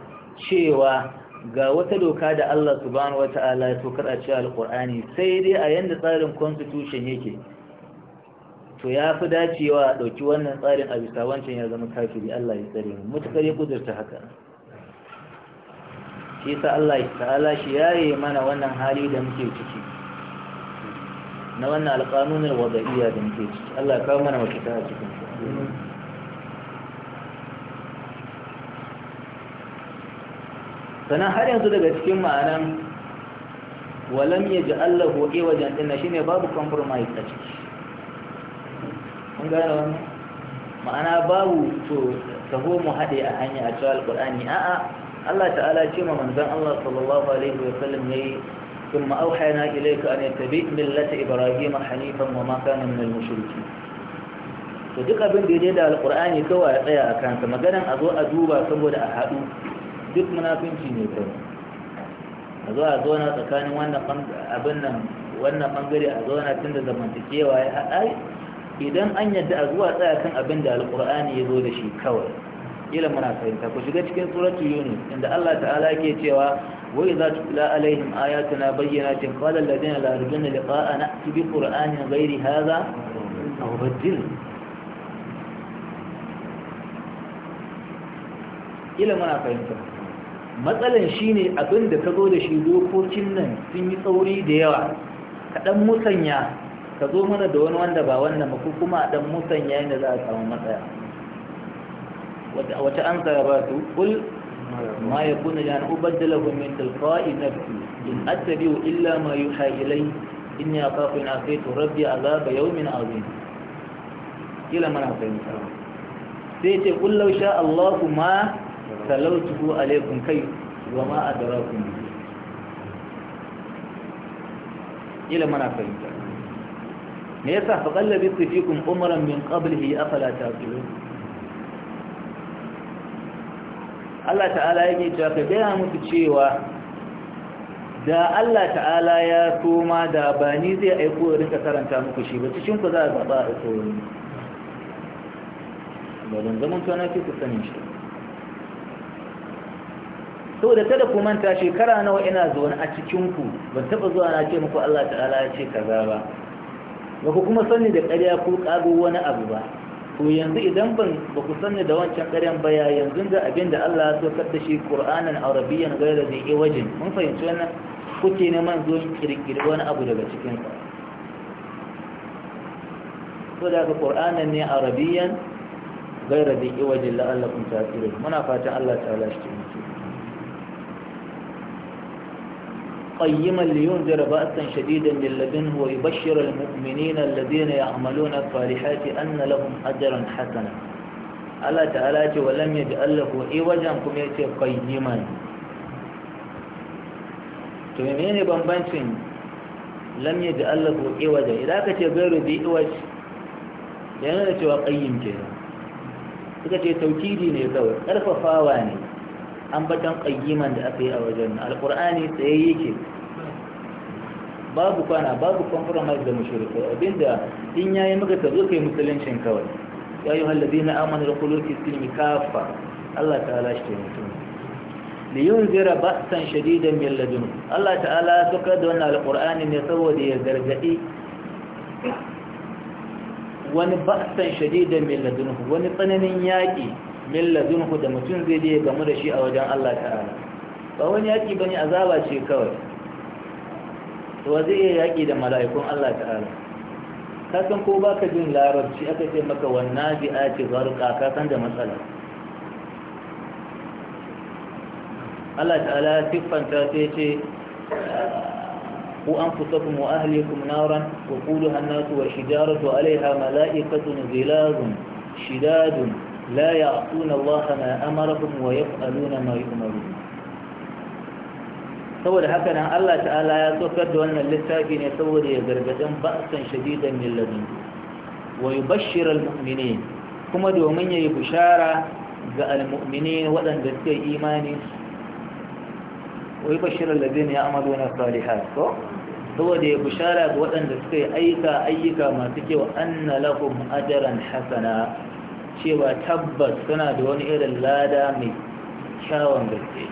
cewa ga wata doka da Allah subhanahu wata'ala ya tokar a cewa alkur'ani sai dai a yadda tsarin constitution yake to ya fi dacewa a ɗauki wannan tsarin a bisa wancan ya zama kafiri Allah ya tsare mu mutukar ya kudurta haka shi sa Allah ta'ala shi yaye mana wannan hali da muke ciki na wannan alƙanunin wada'iyya da muke ciki Allah ya kawo mana mafita a cikin sannan har yanzu daga cikin ma'anan walam ya ji Allah hoƙe wajen ɗina shi ne babu compromise a ciki kun gane wannan ma'ana babu to taho mu haɗe a hanya a cewa alƙulani a'a Allah ta'ala ce ma manzan Allah sallallahu alaihi wa sallam ya yi ثم أوحينا إليك أن يتبئ ملة إبراهيم حنيفا وما كان من المشركين to duk abin da ya daida alkur'ani kawai ya tsaya a kansa maganan a zo a duba saboda a haɗu duk munafinci ne kawai a zo a zauna tsakanin abin nan wannan bangare a zauna tun da zamantakewa ya haɗa idan an yadda a zuwa tsaya kan abin da alkur'ani ya zo da shi kawai ila muna fahimta ku shiga cikin suratul yunus inda Allah ta'ala ke cewa وإذا تتلى عليهم آياتنا بينات قال الذين لا يرجون لقاء نأتي بقرآن غير هذا أو بدله ila mana fahimta matsalan shine abin da ka zo da shi dokokin nan sun yi tsauri da yawa kaɗan dan musanya ka zo mana da wani wanda ba wannan ba kuma a dan musanya za a samu matsaya wata an ما يكون لأن أبدله من تلقاء نفسي إن أتبع إلا ما يوحى إلي إني أخاف إن عصيت ربي عذاب يوم عظيم kila mana fahimta sai ce kullau sha Allah kuma talautuhu alaikum kai wa ma adrakum kila mana fahimta me yasa fa qallabi fikum umran min qablihi afala taqilun Allah ta'ala yake cewa ka gaya musu cewa da Allah ta'ala ya koma da ba ni zai aiko da ka karanta muku shi ba cikin ku za a zaba a tsoro ba don zaman tana ke ku sanin shi saboda kada ku manta shekara nawa ina zaune a cikin ku ban taɓa zuwa na ce muku Allah ta'ala ya ce kaza ba ba ku kuma sani da ƙarya ko ƙago wani abu ba to yanzu idan ban ba ku sanni da wancan ƙaryan baya yanzu da abinda Allah ya saukar da shi Qur'anan Arabiyyan gaira zai wajin mun fahimci wannan kuke neman zo kirkiri wani abu daga cikin sa to da ka Qur'anan ne Arabiyyan gaira zai yi wajin kun ta'qilun muna fatan Allah ta'ala shi cikin قيما لينذر بأسا شديدا من لدنه ويبشر المؤمنين الذين يعملون الصالحات أن لهم أجرا حسنا Allah ta'ala ce wa lam yaj'al lahu iwajan kuma yace qayyiman to menene bambancin lam yaj'al lahu iwaja idan ka ce gairu bi iwaj yana da cewa qayyim ke suka ce taukidi ne karfafawa ne an ambaton qayyiman da aka yi a wajen Alƙur'ani tsaye yake babu kwana babu compromise da mushrikai abinda in ya yi ka zo kai musuluncin kawai ya yi halladina amanu da kuluki silmi kafa Allah ta shi ta mutum liyun zira ba'san shadidan min ladun Allah ta'ala suka da wannan Alƙur'ani ne saboda ya gargadi wani ba'san shadidan min ladun wani tsananin yaki Milla ladunhu da mutum zai je gamu da shi a wajen Allah ta'ala ba wani yaƙi bane azaba ce kawai to zai iya yaƙi da mala'ikun Allah ta'ala ka san ko baka jin larabci aka ce maka wannan ce zarqa ka san da matsala Allah ta'ala siffanta sai ce ku anfusakum wa ahlikum naran wa quluha an wa shijaratu alaiha mala'ikatun zilazun shidadun لا يعصون الله ما أمرهم ويفعلون ما يؤمرون saboda haka nan Allah ta'ala ya tsokar da wannan littafi ne saboda ya gargadin ba'san shadidan min ladun wa yubashshiral mu'minin kuma domin yayi bishara ga almu'minin waɗanda suka yi imani wa yubashshiral ladina ya'maluna salihat ko saboda ya bishara ga waɗanda suka yi aika ayyuka masu kyau anna lahum ajran hasana cewa tabbas suna da wani irin lada mai kyawun gaske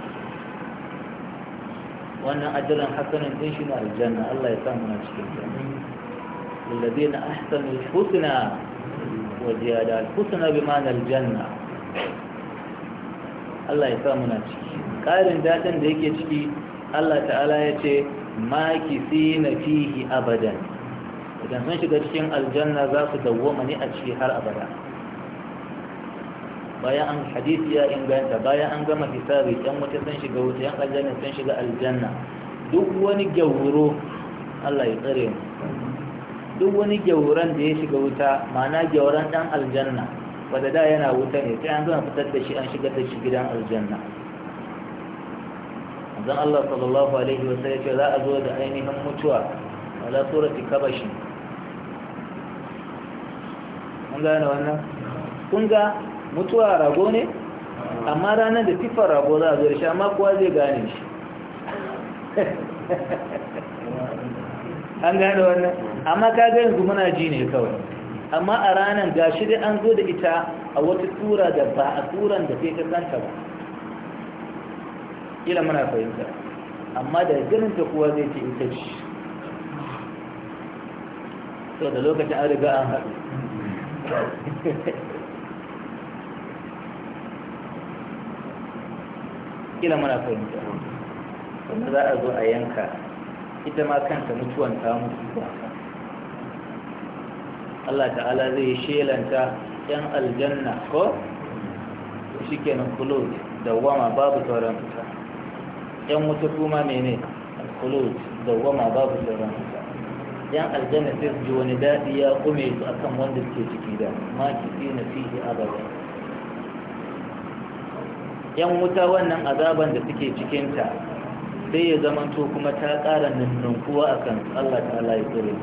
wannan ajiran hakanin din shi na aljanna Allah ya sa na cikin ta na ahsanul husna wa ziyada al husna bi ma'anar janna Allah ya sa na ciki ƙarin datan da yake ciki Allah ta'ala ya ce maki sina fihi abadan idan sun shiga cikin aljanna za su dawwama ne a ciki har abada bayan an hadisi ya inganta bayan an gama hisabi yan wuta sun shiga wuta yan aljanna sun shiga aljanna duk wani gyauro Allah ya tsare mu duk wani gyauran da ya shiga wuta ma'ana gyauran dan aljanna wanda da yana wuta ne sai an gama fitar da shi an shigar da shi gidan aljanna zan Allah sallallahu alaihi wa sallam ce za a zo da ainihin mutuwa wala surati kabashi kun gane wannan kun ga mutuwa rago ne amma ranar da tifar rago za a zo sha shi amma zai gane shi an gane wannan amma ka ga yanzu muna ji ne kawai amma a ranar gashi dai an zo da ita a wata tura da ba a turan da sai ka santa ba ila muna fahimta amma da ganin ta kuwa zai ce ita ce sau da lokacin an riga an haɗu kila mana fahimta wanda za a zo a yanka ita ma kanta mutuwan ta mutu Allah ta'ala zai shelanta yan aljanna ko shi kenan kulot dawama babu sauran fita yan wuta kuma mene kulot dawama babu sauran fita yan aljanna sai su ji wani daɗi ya kume su akan wanda suke ciki da ma kisi na fihi abada yan wuta wannan azaban da suke cikinta sai ya zama to kuma ta ƙara nunnunkuwa a kan Allah ta'ala ya tsere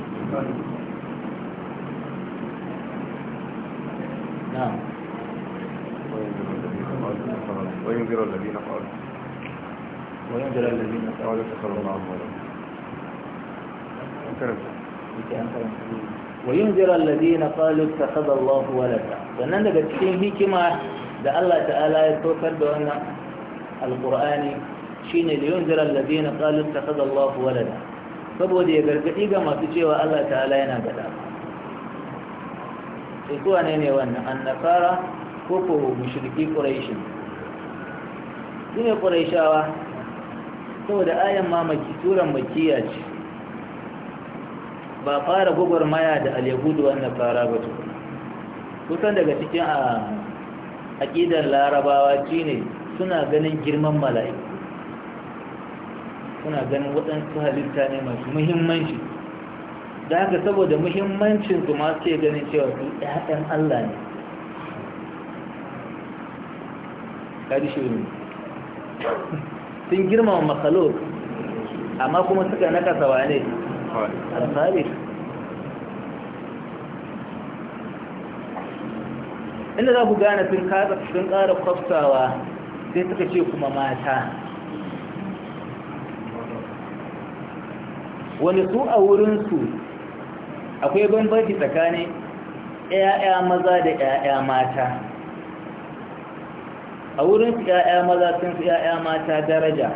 وينذر الذين قالوا وينذر ta saba اتخذوا الله ولدا وينذر sannan daga cikin hikima da Allah ta'ala ya tokar da wannan alqur'ani shine liyunzira alladhina qalu ittakhadha Allahu da. saboda ya gargaɗi ga masu cewa Allah ta'ala yana gada sai kuwa ne ne wannan na fara ko ko mushriki quraish dine quraishawa saboda ayan mamaki turan makiya ce ba fara gwagwarmaya da al-yahudu wan nasara ba kusan daga cikin a ah, aƙidar larabawa shine suna ganin girman mala'iku suna ganin waɗansu halitta ne masu muhimmanci da haka saboda muhimmancin su masu ganin cewa su ɗaɗan Allah ne kaji shi ne sun girmama makalok amma kuma suka nakasa wane alfahari. inda za ku gane sun kasa sun ƙara kwaftawa sai suka ce kuma mata wani su a wurinsu akwai bambanci tsakanin ‘ya'ya maza da ‘ya'ya mata a wurinsu ‘ya'ya maza sun su ‘ya'ya mata daraja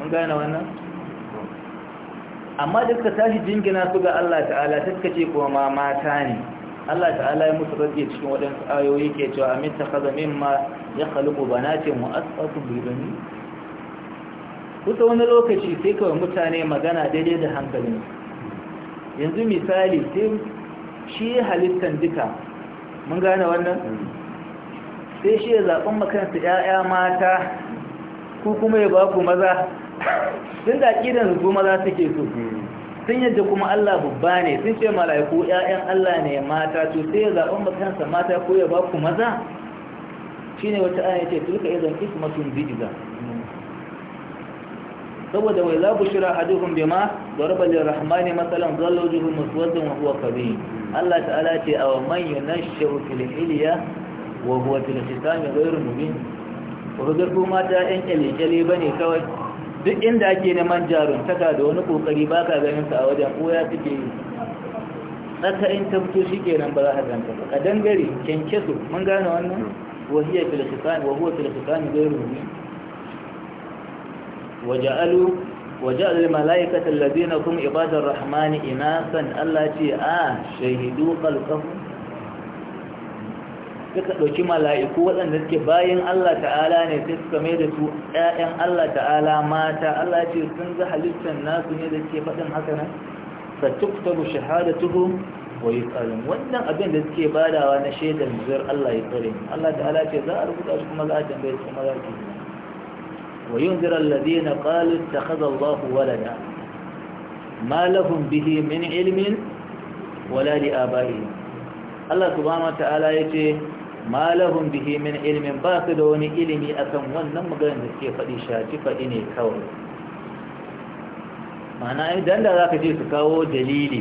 mun gane wannan amma da suka tashi jingina su ga Allah ta'ala ta suka ce kuma mata ne Allah ta'ala ya musu rage cikin waɗansu ayoyi ke cewa amin ta kaza mimma ya khaliqu banatin mu asfatu bi bani kusa wani lokaci sai kawai mutane magana daidai da hankalin yanzu misali sai shi halittan duka mun gane wannan sai shi ya zaɓin makansa ‘ya'ya mata ko kuma ya ba ku maza sun da ƙidan su maza suke so sun yadda kuma Allah babba ne sun ce mala'iku ƴaƴan Allah ne mata to sai ya zaɓan makansa mata ko ya ba ku maza shine wata aya ce tilka idan ismatun bijiza saboda wai la bushira ahaduhum bima daraba lirrahmani masalan dhalla wajhuhu muswaddan wa huwa kabir Allah ta'ala ce aw man yunashshu fil hilya wa huwa fil khisami ghayr mubin ko da ku mata ƴan kyale kyale bane kawai duk inda ake neman jaruntaka da wani kokari ba ka ganin sa a wajen koya suke yi tsakarin tabbato shi kenan ba za a ganta ba ka dangare kyankyaso mun gane wannan wahiyar filifani wahuwar filifani zai rubi waja'alu waja'al mala'ikatan ladina kum ibadar rahmani inasan Allah ce a ah, shahidu khalqahum suka ɗauki mala'iku waɗanda suke bayan Allah ta'ala ne sai suka mai da su ‘ya'yan Allah ta'ala mata Allah ce sun ga halittar nasu ne da ke faɗin haka nan sa shahada shahadatuhum wa yuqalun wannan abin da suke badawa na shaidar zuwar Allah ya tsare Allah ta'ala ce za a rubuta shi kuma za a tambaye su kuma za ki wa yunzira alladhina qalu ittakhadha Allahu walada ma lahum bihi min ilmin wala li abaihim Allah subhanahu wa ta'ala yace ma lahum bihi min ilmin ba su da wani ilimi akan wannan maganin da suke faɗi shafi faɗi ne kawai ma'ana idan da zaka je su kawo dalili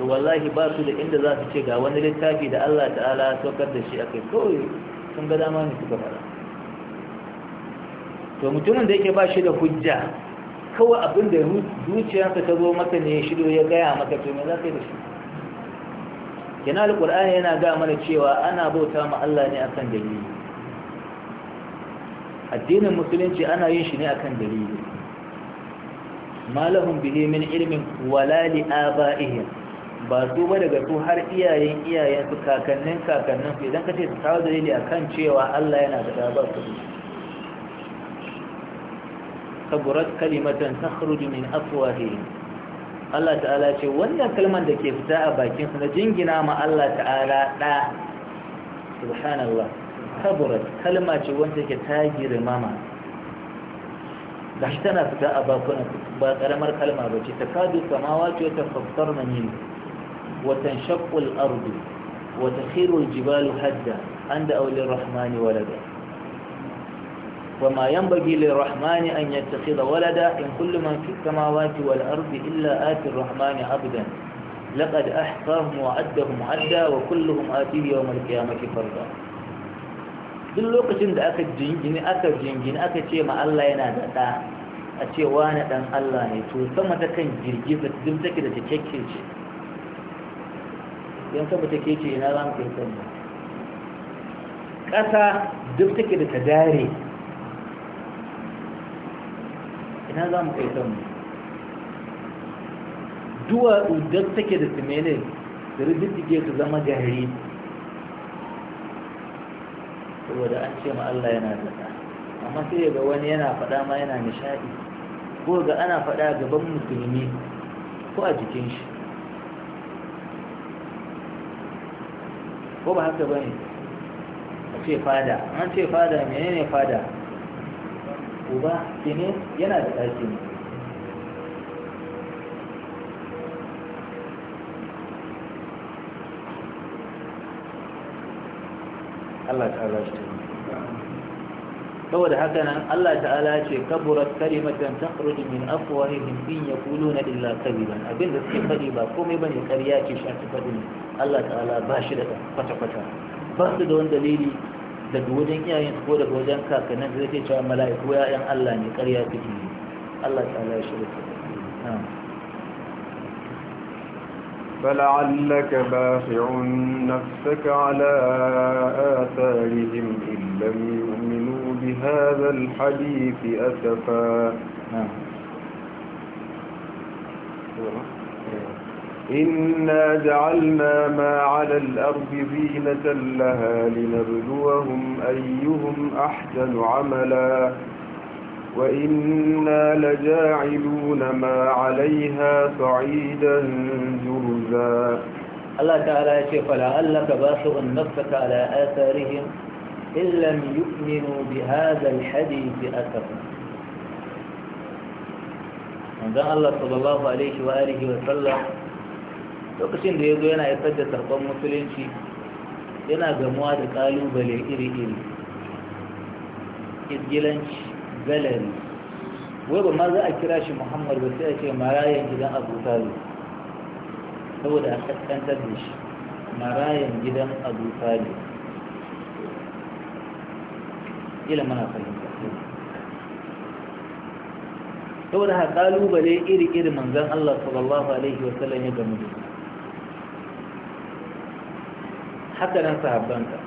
to wallahi ba su da inda za su ce ga wani littafi da Allah ta'ala saukar da shi akai kawai sun ga dama ne suka fara to mutumin da yake ba shi da hujja kawai abin da zuciyarsa ta zo maka ne ya shido ya gaya maka to me za ka yi da shi kina alqur'ani yana ga mana cewa ana bauta ma Allah ne akan dalili addinin musulunci ana yin shi ne akan dalili malahum bihi min ilmin wala li abaihim ba su ba daga su har iyayen iyayen su kakannin kakannin su idan ka ce su kawo dalili akan cewa Allah yana da ba su kaburat kalimatan takhruju min afwahihim Allah ta'ala ce wannan kalmar da ke fita a bakin su na jingina ma Allah ta'ala da subhanallah kaburat kalma ce wanda ke ta girmama gashi tana fita a bakuna ba karamar kalma ba ce kadu samawati wa tafassarna min wa watan shakul ardu wata takhiru jibalu hadda anda awli ar-rahmani walada وما ينبغي للرحمن أن يتخذ ولدا إن كل من في السماوات والأرض إلا آتي الرحمن عبدا لقد أحصاهم وعدهم عدا وكلهم آتيه يوم القيامة فردا duk lokacin da aka jingini aka jingini aka ce ma Allah yana da ɗa a ce wani ɗan Allah ne to sama ta kan girgiza duk take da take ce yan sama take ce ina za mu kai sani ƙasa duk take da ta dare ina za mu kai kanmu da duk take da simelin da rijistike su zama gari saboda an ce ma Allah yana zata amma sai ga wani yana fada ma yana nishaɗi ko ga ana fada gaban musulmi ko a jikin shi ko ba haka ba ne a ce fada an ce fada menene fada uba kenan yana da ɗaki ne Allah ta'ala shi saboda haka nan Allah ta'ala ce kaburar kalimatan takhruju min afwahihim in na illa abin abinda suke fadi ba komai bane ƙarya ke shi a cikin Allah ta'ala ba shi da kwata kwata ba su da wani dalili daga wajen iyayen ko daga wajen kakannin zai ce cewa mala'iku ya yan Allah ne ƙarya suke Allah ta'ala ya shirya ta فلعلك باخع نفسك على آثارهم إن لم يؤمنوا بهذا الحديث أسفا نعم إنا جعلنا ما على الأرض زينة لها لنبلوهم أيهم أحسن عملا وإنا لجاعلون ما عليها صعيدا جرزا الله تعالى يشف لعلك باسغ نفسك على آثارهم إن لم يؤمنوا بهذا الحديث أثرا عندما الله صلى الله عليه وآله وسلم lokacin da ya zo yana isar da sakon musulunci yana gamuwa da kalubale iri-iri izgilanci galeri wai ba ma za a kira shi muhammad ba sai a ce marayan gidan abu talib saboda a kaskantar da shi marayan gidan abu talib ila mana fahimta saboda haƙalubale kalubale iri-iri manzan allah sallallahu alaihi wasallam ya gamu da haka nan sahabbansa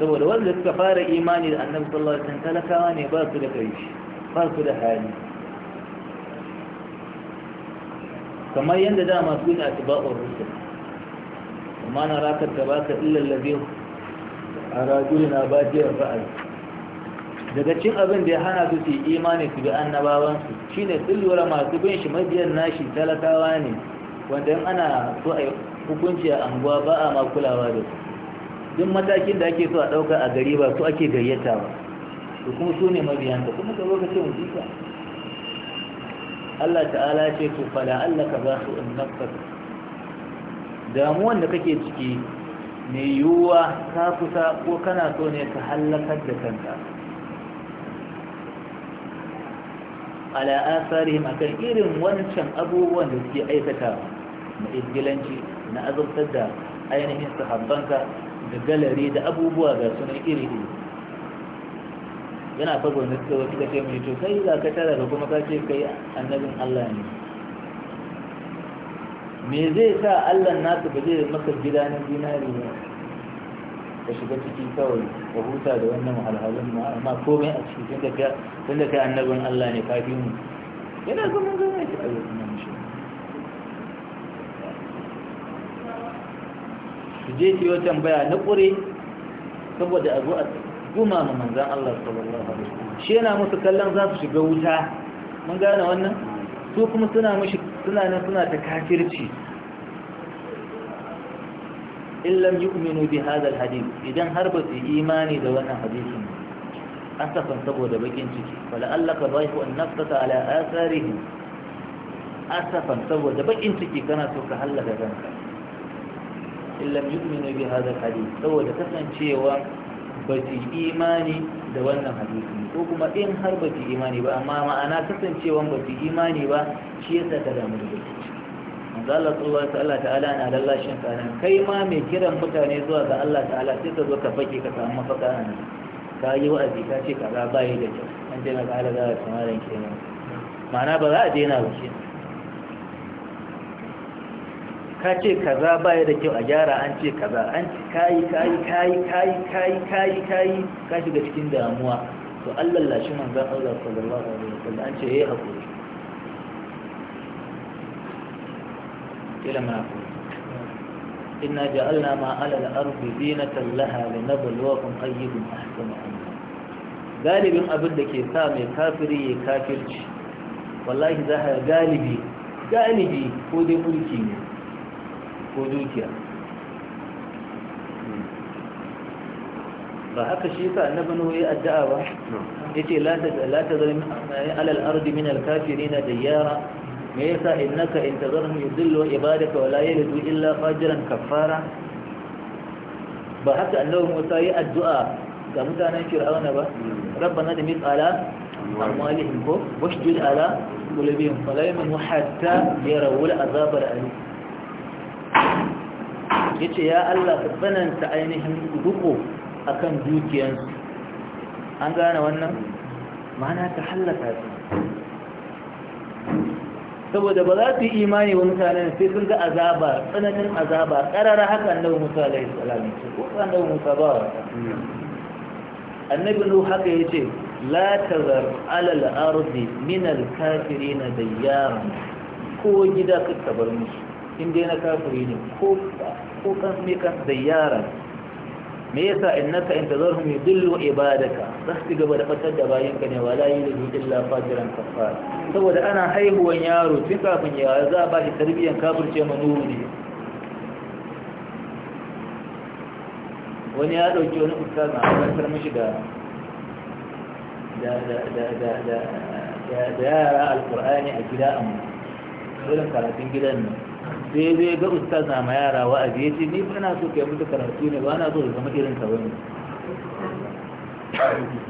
saboda wanda suka fara imani da annabi sallallahu alaihi wasallam talakawa ne ba su da kai ba su da hali kamar yadda da masu yin atba'ur rusul amma na rakar da baka illa allazi a na ba jiyar fa'al daga cin abin da ya hana su su imani su bi annabawansu shine sun lura masu bin shi mabiyan nashi talakawa ne wanda ana so a hukunci a anguwa ba a makulawa kulawa da su duk matakin da ake so a ɗauka a gari ba su ake gayyata ba to kuma su ne mabiyanka kuma ka zo ka wajika Allah ta'ala ce ku fala Allah ka ba su in nafsaka damuwan da kake ciki mai yiwuwa ka kusa ko kana so ne ka hallakar da kanka ala asarihim akan irin wancan abubuwan da suke aikata na izgilanci na azabtar da ainihin sahabbanka da galari, da abubuwa ga sunan iri iri yana fagon da suka wata ce mai to kai za ka tara da kuma kace kai annabin Allah ne me zai sa Allah nasu ba zai maka gida na dinari ba ka shiga ciki kawai ka huta da wannan halhalun ma amma komai a cikin da kai annabin Allah ne ka kafin mu yana zama zama ya ci a yau su je su yi tambaya na ƙure saboda a zo a guma ma manzan Allah sallallahu alaihi wasallam shi yana musu kallon za su shiga wuta mun gane wannan su kuma suna mushi suna nan suna ta kafirci in lam yu'minu bi hadha alhadith idan har ba su imani da wannan ne. asafan saboda bakin ciki wala allaka dhaifu an nafsaka ala atharihim asafan saboda bakin ciki kana so ka halaka kanka in lam yu'minu bi hadha hadith saboda kasancewa ba imani da wannan hadisi ko kuma in har ba imani ba amma ma'ana kasancewan ba imani ba shi yasa ka damu da gaske manzo Allah tsowa ta Allah ta'ala na da lallashin kanan kai ma mai kiran mutane zuwa ga Allah ta'ala sai ka zo ka fake ka samu mafaka a nan ka yi wa'azi ka ce kaza bai da kyau an daina ga Allah da a kenan ma'ana ba za a daina ba kenan ka ce kaza baya da kyau a gyara an ce kaza an ce kayi kayi kayi kayi kayi kayi kayi ka shiga cikin damuwa to Allah lashi manzon Allah sallallahu alaihi wasallam an ce yayi eh, hakuri kila ma inna ja'alna ma 'ala al-ardi zinatan laha linabluwakum ayyukum ahsanu amala galibin abin da ke sa mai kafiri ya kafirci wallahi za ka galibi galibi ko dai mulki ne ko dukiya ba haka shi sa annabi nuhu ya addu'a ba ya ce lati la ta zalim ala al-ardi min al da diyara me yasa innaka in tazarhum yudillu ibadaka wa la yalidu illa fajiran kaffara ba haka annabi Musa ya addu'a ga mutanen Fir'auna ba rabbana da mithqala amwalihim ko washdud ala qulubihim fala yu'minu hatta yarawul azab al-alim ya ce ya Allah ka tsananta ainihin duko a kan dukiyansu an gane wannan mana ta hallaka su saboda ba za su yi imani wa mutanen sai sun ga azaba tsananin azaba ƙarara haka annabi musa alaihi salam ce ko annabi musa ba wa annabi nuhu haka ya ce la tazar alal Arzi Minal al da dayyara ko gida ka bar musu indai dai na kafiri ne ko kan mai kan zayyara me yasa innaka in tazarhum yudillu ibadaka za su gaba da fatar da bayan ka ne wala yulidu illa fajiran kafara saboda ana haihuwan yaro tun kafin ya za ba shi tarbiyyar kafirce ne wani ya dauki wani ustaz na karantar mishi da da da da da yara alqur'ani a gida amma wurin karatun gidan nan sai zai ga ustaz na ma yara wa'azi ya ce ni ba na so kai mutu karatu ne ba na so zama irin ka bane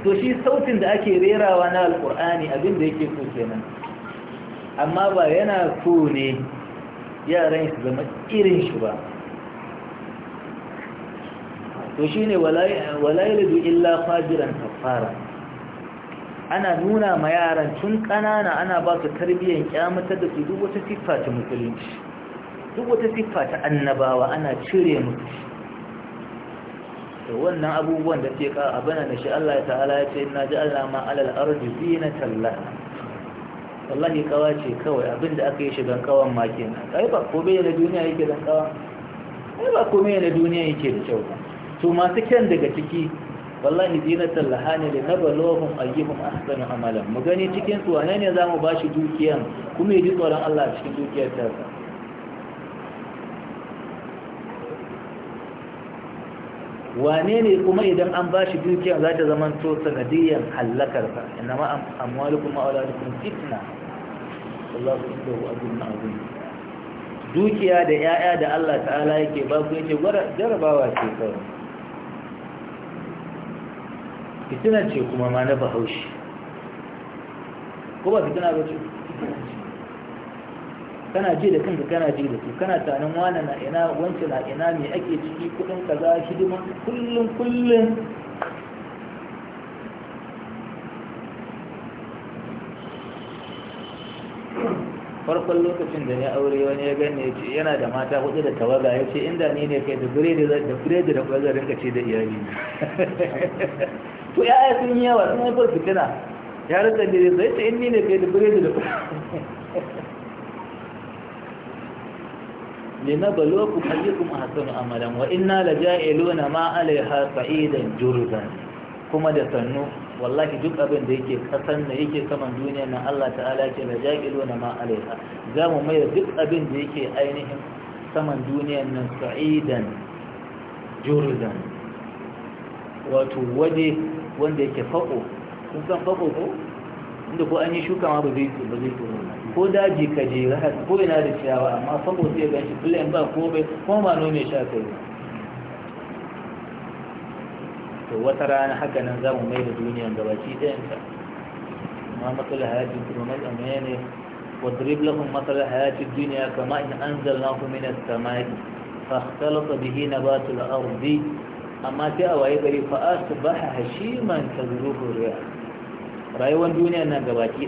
to shi sautin da ake rerawa na Alƙur'ani abin da yake so kenan amma ba yana so ne yaran su zama irin shi ba to shi ne walailidu illa fajiran kafara ana nuna ma yaran tun ƙanana ana ba su tarbiyyar kyamata da su duk wata siffa ta musulunci duk wata siffa ta annabawa ana cire musu to wannan abubuwan da ke ka abana da shi Allah ta'ala ya ce inna ja'alna ma alal ardi zinatan lah wallahi kawa ce kawai abinda aka yi shi dan kawan ma kenan ai ba komai na duniya yake dan kawa ai ba komai na duniya yake da kyau ba to masu kyan daga ciki wallahi zinatan lahani li nabluhum ayyuhum ahsanu amalan mu gani cikin su wane ne zamu bashi dukiyan kuma yi tsoron Allah cikin dukiyar ta wane ne kuma idan an ba shi dukiyar za ta zama to sanadiyyar hallakar ka inna ma amwalukum wa auladukum fitna wallahu indahu ajrun azim dukiya da yaya da Allah ta'ala yake ba ku yake jarabawa ce kawai fitina ce kuma ma na bahaushe ko ba fitina ba ce kana ji da kanka kana ji da su kana tanin wane na ina wance na ina me ake ciki kudin kaza hidima kullum kullum farkon lokacin da ne aure wani ya gane ce yana da mata hudu da tawaga ya ce inda ni ne kai da biredi da biredi da kwazar rinka ce da iyali to ya'ya sun yi yawa sun haifar fitina ya rinka da zai ce in ni ne kai da biredi da kwazar linabluwakum ayyukum ahsanu amalan wa inna laja'iluna ma 'alayha sa'idan jurzan kuma da sannu wallahi duk abin da yake kasan da yake saman duniya na Allah ta'ala ce laja'iluna ma 'alayha za mu mai duk abin da yake ainihin saman duniya nan sa'idan jurzan wato waje wanda yake fako kun san fako ko an yi shuka ma ba zai ba zai ko daji ka je rahas ko ina da ciyawa amma sabo sai ga shi kullum ba komai ko ma nome sha kai to wata rana haka nan za mu mai da duniyan gabaci ɗayanta ma matsala hayati kuma mai ne واضرب لهم مثل الحياة الدنيا كما إن أنزلناه من السماء فاختلط به نبات الأرض أما تأوى يبري فأصبح هشيما rayuwar duniya رأيوان دنيا نقباتي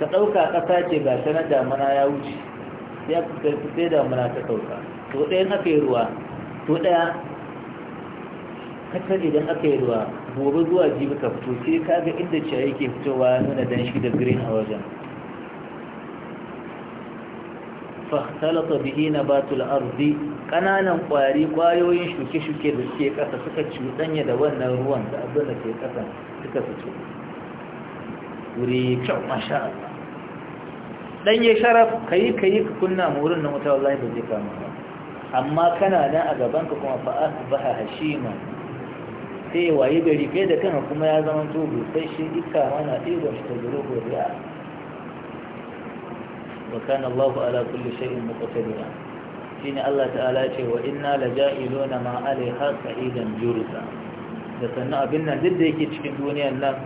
ka ɗauka ƙasa ce ga ta na damana ya wuce ya fi sai damana ta ɗauka to ɗaya na kai ruwa to ɗaya kasar idan aka yi ruwa gobe zuwa jibi ka fito sai ka ga inda ciyayi yake fitowa nuna dan shi da green a wajen fahtalata bihi na batul arzi ƙananan ƙwari ƙwayoyin shuke-shuke da suke ƙasa suka cuɗanya da wannan ruwan da abin da ke ƙasa suka fito wuri kyau masha Allah ya sharaf kai kai ka kunna murin nan wuta wallahi ba zai kama ba amma kana nan a gaban ka kuma fa asbaha hashima sai waye gari kai da kanka kuma ya zama to sai shi ika mana sai da shi ta zuro goriya wa kana Allah ala kulli shay'in muqtadira shine Allah ta'ala ce wa inna laja'iluna ma alaiha sa'idan jurza da sannan abin nan duk da yake cikin duniyar nan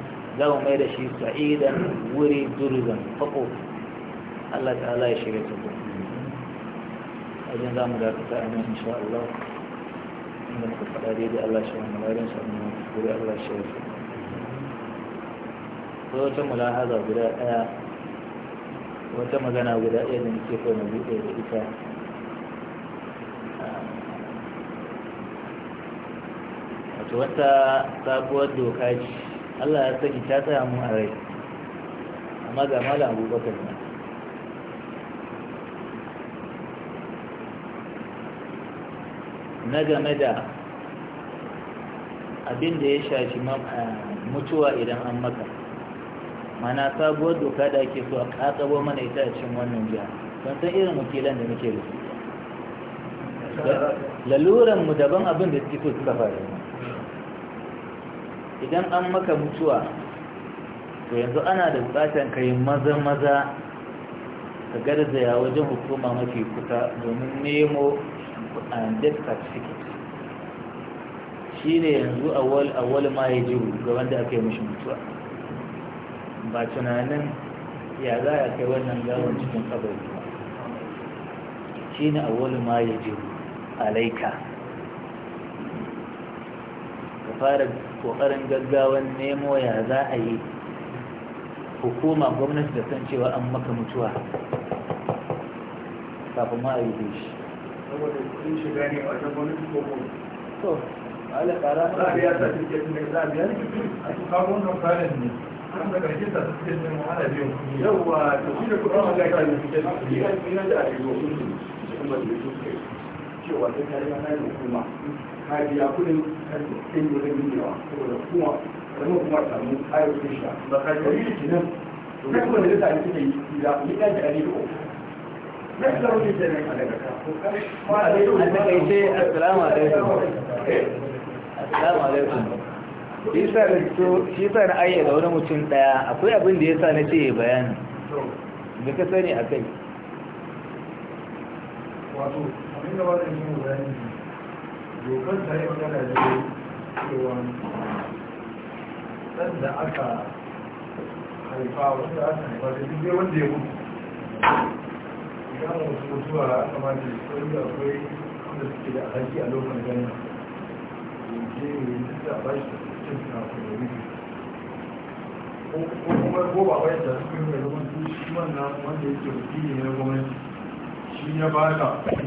za mu mai da shi sa'idan wuri jurzan fako Allah ta'ala ya shirya ta wajen za mu dakata a nan insha Allah inda muka faɗa daidai Allah shi wani larin sa mu kuri Allah shi ya ko wata mulahaza guda ɗaya wata magana guda ɗaya da nake kai na buɗe da ita wato wata sabuwar doka ce Allah ya sani ta tsaya mu a rai amma ga malam abubakar na na game da abin da ya shafi mutuwa idan an maka mana sabuwar doka da ake so a katsabo mana ita a cikin wannan jiya don san irin wakilan da muke da su laluran mu daban abin da suke so suka faru idan an maka mutuwa to yanzu ana da bukatan ka yi maza maza ka garzaya wajen hukuma mafi kusa domin nemo and death certificate shi ne yanzu awal ma ya jiru ga wanda aka yi mashi mutuwa ba tunanin ya za a kai wannan gawon cikin kabari ba shi ne awal ma ya jiru alaika ka fara kokarin gaggawan nemo ya za a yi hukuma gwamnati da san cewa an maka mutuwa kafin ma a yi shi saboda sun shiga ne a wajen gwamnati ko kuma to ala kara ta ya ta cike ne za biyar a cikin wannan farin ne kan da karshe ta cike ne mu ana biyan yawa to shi da kuɗin da ka yi cike ne yi da ake zuwa kuma da su ke cewa ta kare na nan kuma ka biya kuɗin ka ne da miliyawa saboda kuma kuma kuma samu kayan kuɗi da ka yi kenan to kuma da ta yi kuɗi ya yi da shi sa na ayyana wani mutum daya akwai abin da ya sa na ce bayani da ka sani a kai wato abin da wata shi bayani dokar tare magana da cewa ɗan da aka haifa wasu da aka haifa da duk wanda ya mutu ko ba bai da su yi da ruwan shi wannan wanda yake wakili na gwamnati shi ya ba da